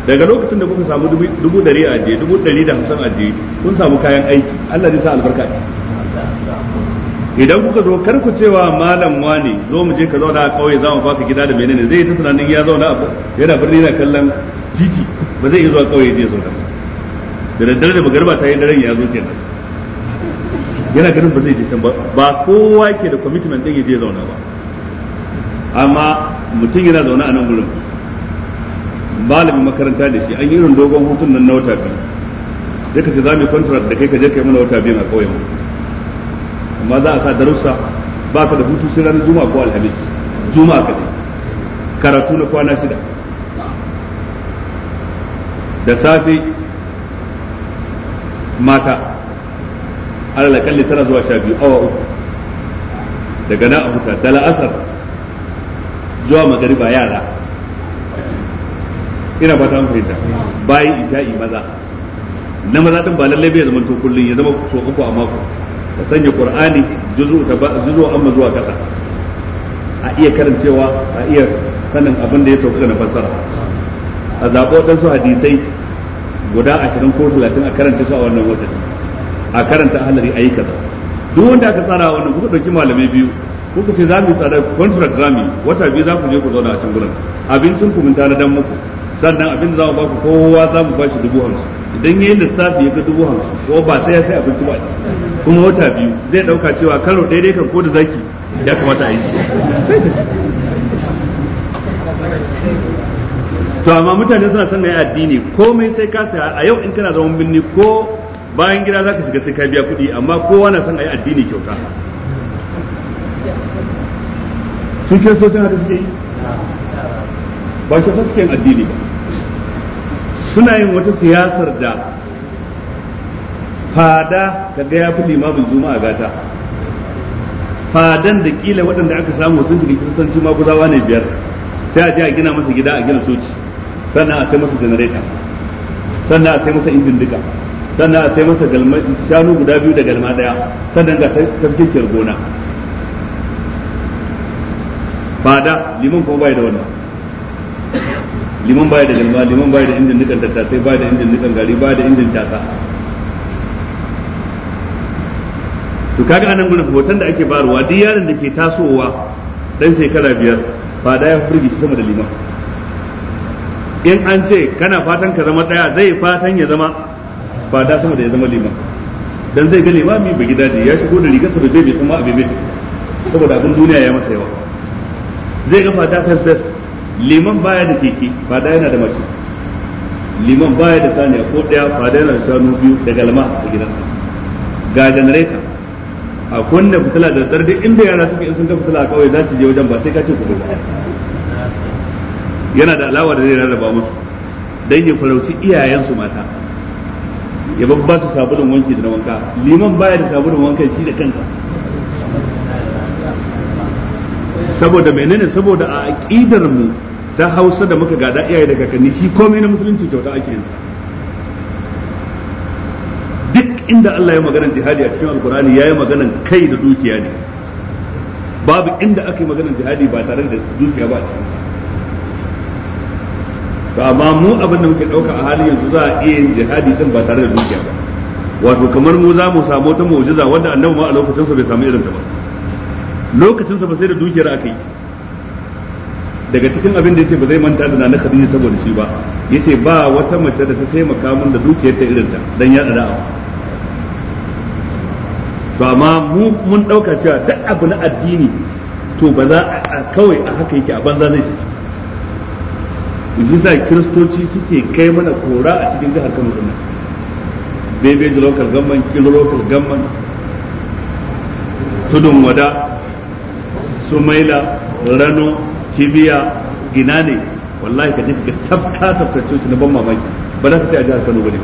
daga lokacin da kuka samu dubu dari a je dubu dari da hamsin a je kun samu kayan aiki Allah zai sa albarka ce idan kuka zo kar ku cewa malam wani zo mu je ka zauna a kauye za mu baka gida da menene zai ta tunanin ya zauna yana birni na kallon titi ba zai iya zuwa kauye zai zauna da daddare da magarba ta yi daren ya zo ke yana ganin ba zai je can ba ba kowa ke da commitment din ya je zauna ba amma mutum yana zauna a nan gurin malamin makaranta da shi an yi irin dogon hutun nan na wata biyu sai ka ce za mu yi contract da kai ka je kai mana wata biyu a kauyen amma za a sa darussa ba ka da hutu sai ranar juma'a ko alhamis juma'a ka karatu na kwana shida da safe mata alal kalli tara zuwa sha biyu awa uku daga na a huta da la'asar zuwa magariba yara ina ba ta fahimta bayan isha'i maza na maza din ba lallai bai zama to kullun ya zama so uku a mako ka sanya qur'ani juzu ta juzu amma zuwa kasa a iya karancewa a iya sanin abin da ya sauka na fassara a zaɓo su hadisai guda ashirin ko talatin a karanta su a wannan watan a karanta ahalari a yi kaza duk wanda aka tsara wannan kuka ɗauki malamai biyu kuka ce za mu tsada contract za wata biyu za ku je ku zauna a can gurin abincin ku mun tana dan muku sannan abin da za mu ba ku kowa za mu ba shi dubu hamsin idan yayi lissafi ya ga dubu hamsin ko ba sai ya sai abinci ba kuma wata biyu zai dauka cewa karo daidai dai kan ko da zaki ya kamata a yi shi to amma mutane suna son ya addini komai sai ka sai a yau in kana zaman binni ko bayan gida zaka shiga sai ka biya kuɗi amma kowa na son a yi addini kyauta su kiristocin haka suke yi ba kyauta suke yin addini ba suna yin wata siyasar da fada ta gaya fi limamin a gata fadan da kila waɗanda aka samu sun shiga kiristanci ma gudawa ne biyar sai a je a gina masa gida a gina soci sannan a sai masa janareta sannan a sai masa injin duka sannan a sai masa shanu guda biyu da galma daya sannan ga tafkikiyar gona Fada liman kuma bai da wannan liman bai da galma liman bai da injin nukan tattasai bai da injin nukan gari bai da injin tasa to kaga anan gurin hoton da ake bayarwa duk yaron da ke tasowa dan shekara biyar fada ya furgi sama da liman in an ce kana fatan ka zama daya zai fatan ya zama fada sama da ya zama liman dan zai ga limami ba gidaje ya shigo da rigarsa bai bai sama a abin bai saboda abin duniya ya masa yawa zai ga fada fes-fes liman baya da keke fada yana da mace liman baya da saniya ko daya fada yana da shanu biyu da galma a gidansa ga janareta a kunna fitila da daddare inda yara suke in sun ga fitila a kawai za su je wajen ba sai ka ce ku yana da alawa da zai rarraba musu dan ya farauci iyayensu mata ya babba su sabulun wanki da na wanka liman baya da sabulun wanka shi da kansa saboda menene saboda a aqidar mu ta Hausa da muka gada iyaye daga kanni shi komai na musulunci kyauta ake yin sa duk inda Allah ya magana jihadi a cikin alkurani yayi maganan kai da dukiya ne babu inda aka yi jihadi ba tare da dukiya ba a cikin to amma mu abin da muke dauka a halin yanzu za a iya yin jihadi din ba tare da dukiya ba wato kamar mu za mu samu ta mu'jiza wanda annabi ma a lokacin sa bai samu irin ta ba lokacin sa ba sai da dukiyar aka yi daga cikin abin da ce ba zai manta da nana Khadija saboda shi ba ya ce ba wata mace da ta taimaka min da dukiyar ta irin ta dan ya da to amma mu mun dauka cewa duk abu na addini to ba za a kawai a haka yake a banza zai tafi sa kiristoci suke kai mana kora a cikin jihar Kano din nan bebeji local government kilo local government tudun wada sumaila rano kibiya gina ne wallahi ka je ka tafka tafkace shi na ban mamaki ba za ka ce a jihar Kano bane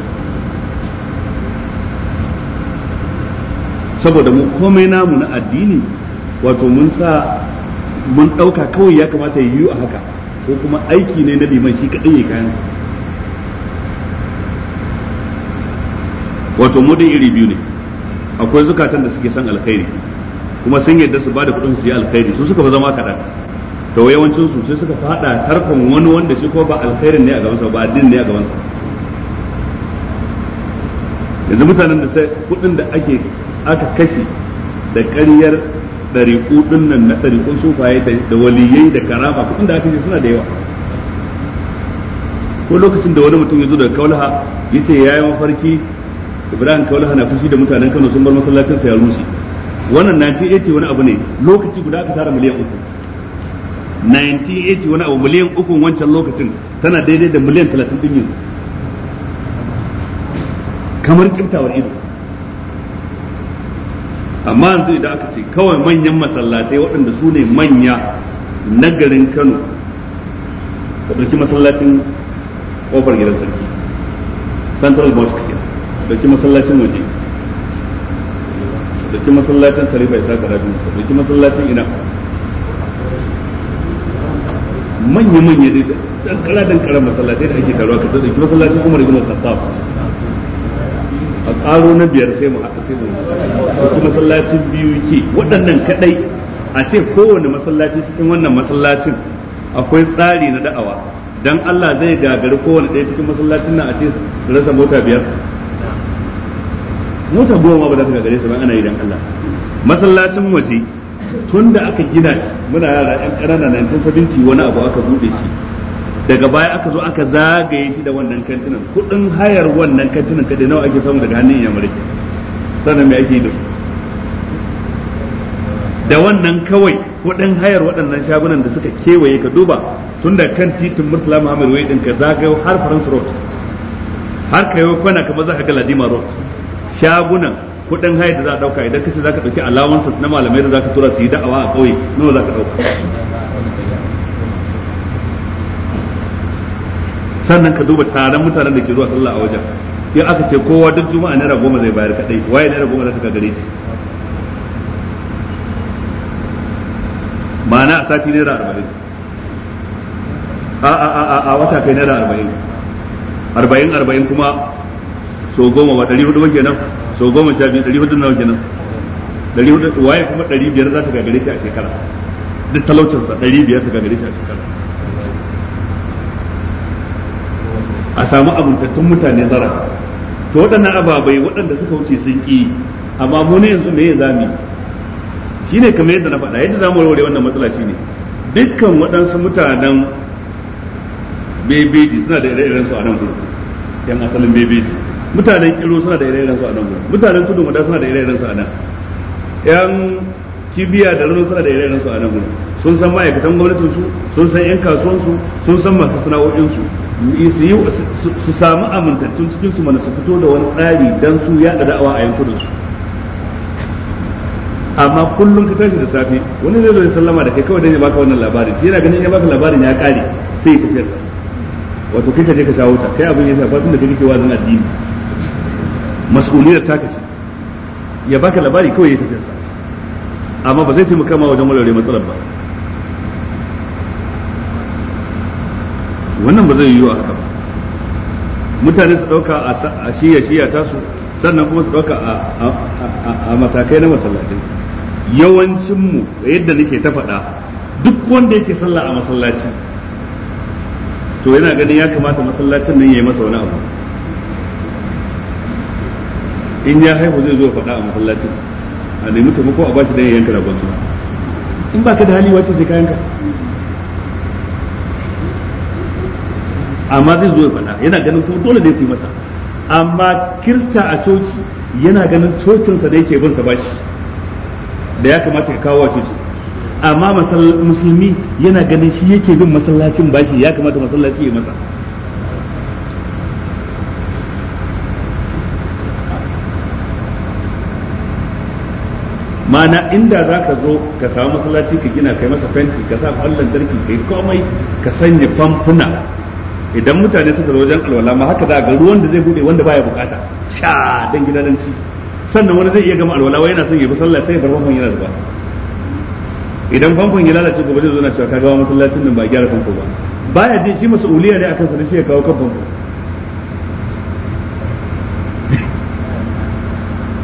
saboda mu komai namu na addini wato mun sa mun ɗauka kawai ya kamata ya yiwu a haka ko kuma aiki ne na liman shi kaɗai ya kayan wato mu iri biyu ne akwai zukatan da suke son alkhairi kuma sun yadda su bada kuɗin su yi alkhairi su suka fi zama kaɗan to yawancin su sai suka faɗa tarkon wani wanda shi ko ba alkhairin ne a gabansa ba addinin ne a gabansa yanzu mutanen da sai kuɗin da ake aka kashe da ƙaryar ɗariƙu ɗin nan na ɗariƙun sufaye da waliyai da karama kuɗin da aka kashe suna da yawa ko lokacin da wani mutum ya zo daga kaulaha ya ce ya yi mafarki ibrahim kaulaha na fushi da mutanen kano sun bar masallacinsa ya rushe wannan 1980 wani abu ne lokaci guda aka tara miliyan uku 1980 wani abu miliyan uku wancan lokacin tana daidai da miliyan 30 din yanzu kamar kimtawar ido amma yanzu idan aka ce kawai manyan masallatai waɗanda su ne manya na garin kano da ɗauki masallacin ƙofar gidan sarki central mosque da ɗauki masallacin waje dauki masallacin bai Isa Karatu ka dauki masallacin ina manya manya ne dan kala dan kara da ake taruwa ka dauki masallacin Umar ibn Khattab a karo na biyar sai mu haka sai mu dauki masallacin biyu ke waɗannan kadai a ce kowane masallaci cikin wannan masallacin akwai tsari na da'awa dan Allah zai gagari kowane ɗaya cikin masallacin nan a ce su rasa mota biyar mota goma ba za ta gagare su ba ana yi don Allah masallacin waje tun da aka gina shi muna yara yan yankin sabinci wani abu aka bude shi daga baya aka zo aka zagaye shi da wannan kantinan kudin hayar wannan kantinan kadai nawa ake samu daga hannun yamurai sannan me ake da su da wannan kawai kudin hayar waɗannan shagunan da suka kewaye ka duba tun da kan titin murtala muhammad wai ɗin ka zagayo har faransu road har kayo kwana kamar za ka ga ladima road shagunan kuɗin hayar da za a ɗauka idan kace za ka ɗauki alawansa na malamai da za ka tura su yi da'awa a ƙauye nawa za ka ɗauka sannan ka duba taron mutanen da ke zuwa sallah a wajen in aka ce kowa duk juma'a naira goma zai bayar kadai waye naira goma za ta gare shi ma'ana a sati naira arba'in a a a a wata kai naira arba'in arba'in arba'in kuma so goma ba ɗari hudu ba kenan so goma sha biyu ɗari hudu nawa kenan ɗari hudu waye kuma ɗari biyar za ta gagare shi a shekara duk talaucinsa ɗari biyar ta gagare shi a shekara a samu abuntattun mutane zara to waɗannan ababai waɗanda suka wuce sun ƙi amma mu ne yanzu me ya zami shi ne kamar yadda na faɗa yadda za mu warware wannan matsala shi ne dukkan waɗansu mutanen bebeji suna da ire-iren su a nan gudu yan asalin bebeji mutanen kiro suna da ire-iren su a nan mutanen tudun wada suna da ire-iren su a nan yan kibiya da rano suna da ire-iren su a nan gurin sun san ma'aikatan gwamnatin su sun san yan kasuwan su sun san masu sana'o'in su su samu amintattun cikin su mana su fito da wani tsari dan su yaɗa da'awa a yankunan su amma kullum ka tashi da safe wani zai zo ya sallama da kai kawai dan ya baka wannan labarin shi yana ganin ya baka labarin ya kare sai ya tafiyarsa wato kai ka je ka shawo ta kai abin ya shafa tun da kake wazin addini mas'uliyar taka ce ya baka labari kawai ya tafiyarsa amma ba zai taimaka ma wajen walwale matsalar ba wannan ba zai yiwu a haka ba mutane su ɗauka a shiya shiya tasu sannan kuma su ɗauka a matakai na yawancin yawancinmu yadda nake ta faɗa duk wanda yake sallah a masallaci to yana ganin ya kamata masallacin nan ya yi masa wani abu in ya haihu zai zo faɗa a masallaci a nemi taimako a bashi dan yanka ragon suna in ba ka da hali wace sai ka yanka amma zai zo ya faɗa yana ganin kuma dole da ya fi masa amma kirista a coci yana ganin cocinsa da yake binsa bashi da ya kamata ka kawo a coci amma musulmi yana ganin shi yake bin masallacin bashi ya kamata masallaci ya masa mana inda za ka zo ka samu masallaci ka gina kai masa fenti ka sa kwan lantarki kai komai ka sanya famfuna idan mutane suka zo wajen alwala ma haka za ga ruwan da zai bude wanda baya bukata sha dan gidan sannan wani zai iya gama alwala wai yana son ya bi sallah sai ya bar famfon yana zuba idan famfon ya lalace gobe zai zo na cewa ka ga masallacin nan ba gyara famfo ba baya je shi mas'uliya ne akan sa sai ya kawo kan famfo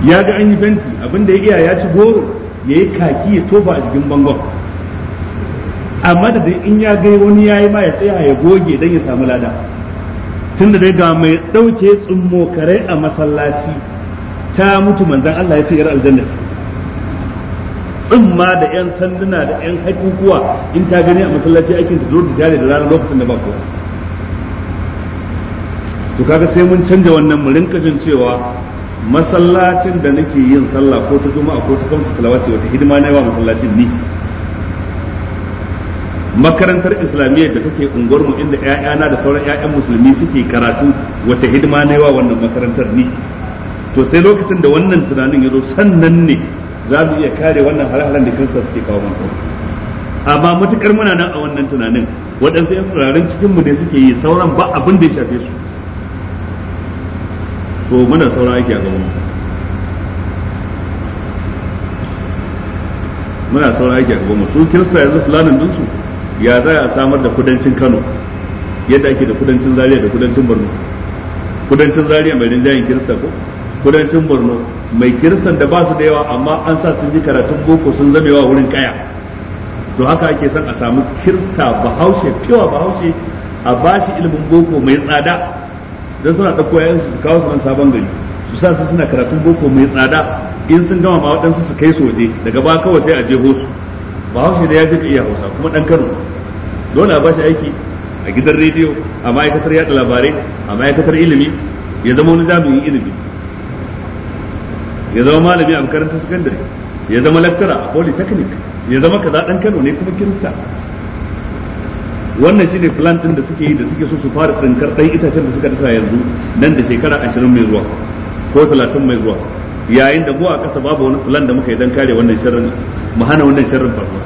ya ga an yi fenti abinda ya iya ya ci goro ya yi kaki ya tofa a jikin bangon amma da in ya gai wani ya yi ma ya tsaya ya goge don ya samu lada tun da ga mai ɗauke kare a masallaci ta mutu manzan Allah ya sayar aljanna tsumma da 'yan sanduna da 'yan haƙuƙuwa in ta gani a masallaci aikin ta zo ta da ranar lokacin da ba kowa to kaga sai mun canja wannan mu rinka jin cewa masallacin da nake yin sallah ko ta juma'a ko ta kamsa salawati wata hidima na yawa masallacin ni makarantar islamiyya da take unguwarmu inda 'ya'yana da sauran 'ya'yan musulmi suke karatu wace hidima na yawa wannan makarantar ni to sai lokacin da wannan tunanin ya zo sannan ne za mu iya kare wannan hare-haren da kansa suke kawo mana amma matukar muna nan a wannan tunanin waɗansu 'yan tsirarin cikinmu ne suke yi sauran ba abin da ya shafe su to muna sauran aiki a gaban muna sauran aiki a gaban su kirista yanzu planin dinsu ya za a samar da kudancin Kano yadda ake da kudancin Zaria da kudancin Borno kudancin Zaria mai rinjayen kirista ko kudancin Borno mai kiristan da ba su da yawa amma an sa sun ji karatun boko sun zamewa wurin kaya to haka ake son a samu kirista bahaushe fiwa bahaushe a ba shi ilimin boko mai tsada dan suna ɗauko yayan su kawo su nan sabon gari su sa su suna karatun boko mai tsada in sun gama ma waɗansu su kai su waje daga ba kawai sai a je hosu ba haushe da ya je ka iya hausa kuma ɗan kano dole a bashi aiki a gidan rediyo a ma'aikatar yaɗa labarai a ma'aikatar ilimi ya zama wani jami'in ilimi ya zama malami a makarantar sakandare ya zama lakcara a polytechnic ya zama kaza ɗan kano ne kuma kirista wannan shi ne plantin da suke yi da suke so su fara tsinkar ɗan itacen da suka dasa yanzu nan da shekara ashirin mai zuwa ko talatin mai zuwa yayin da buwa a ƙasa babu wani plan da muka yi don kare wannan sharrin mu hana wannan sharrin faruwa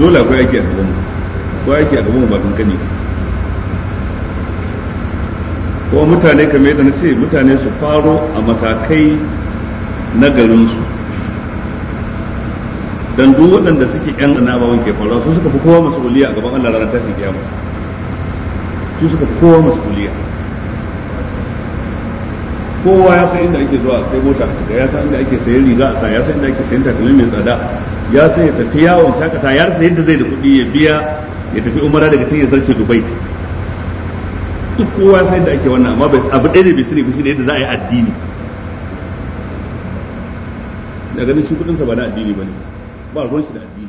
dole akwai aiki a gaban ko aiki a gaban ba kankani ko mutane kamar yadda na ce mutane su faro a matakai na garinsu dan duk waɗanda suke yan ba ke faruwa su suka fi kowa mas'uliya a gaban Allah ranar tashin kiyama su suka fi kowa mas'uliya kowa ya san inda ake zuwa sai mota a shiga ya san inda ake sayan riga a sa ya san inda ake sayan takalmi mai tsada ya san ya tafi yawon shakata ya san yadda zai da kuɗi ya biya ya tafi umara daga sai ya zarce dubai duk kowa ya san yadda ake wannan amma abu ɗaya ne bai sani ba ne yadda za a yi addini da ganin shi kudinsa ba na addini ba ne ba ruwan shi da addini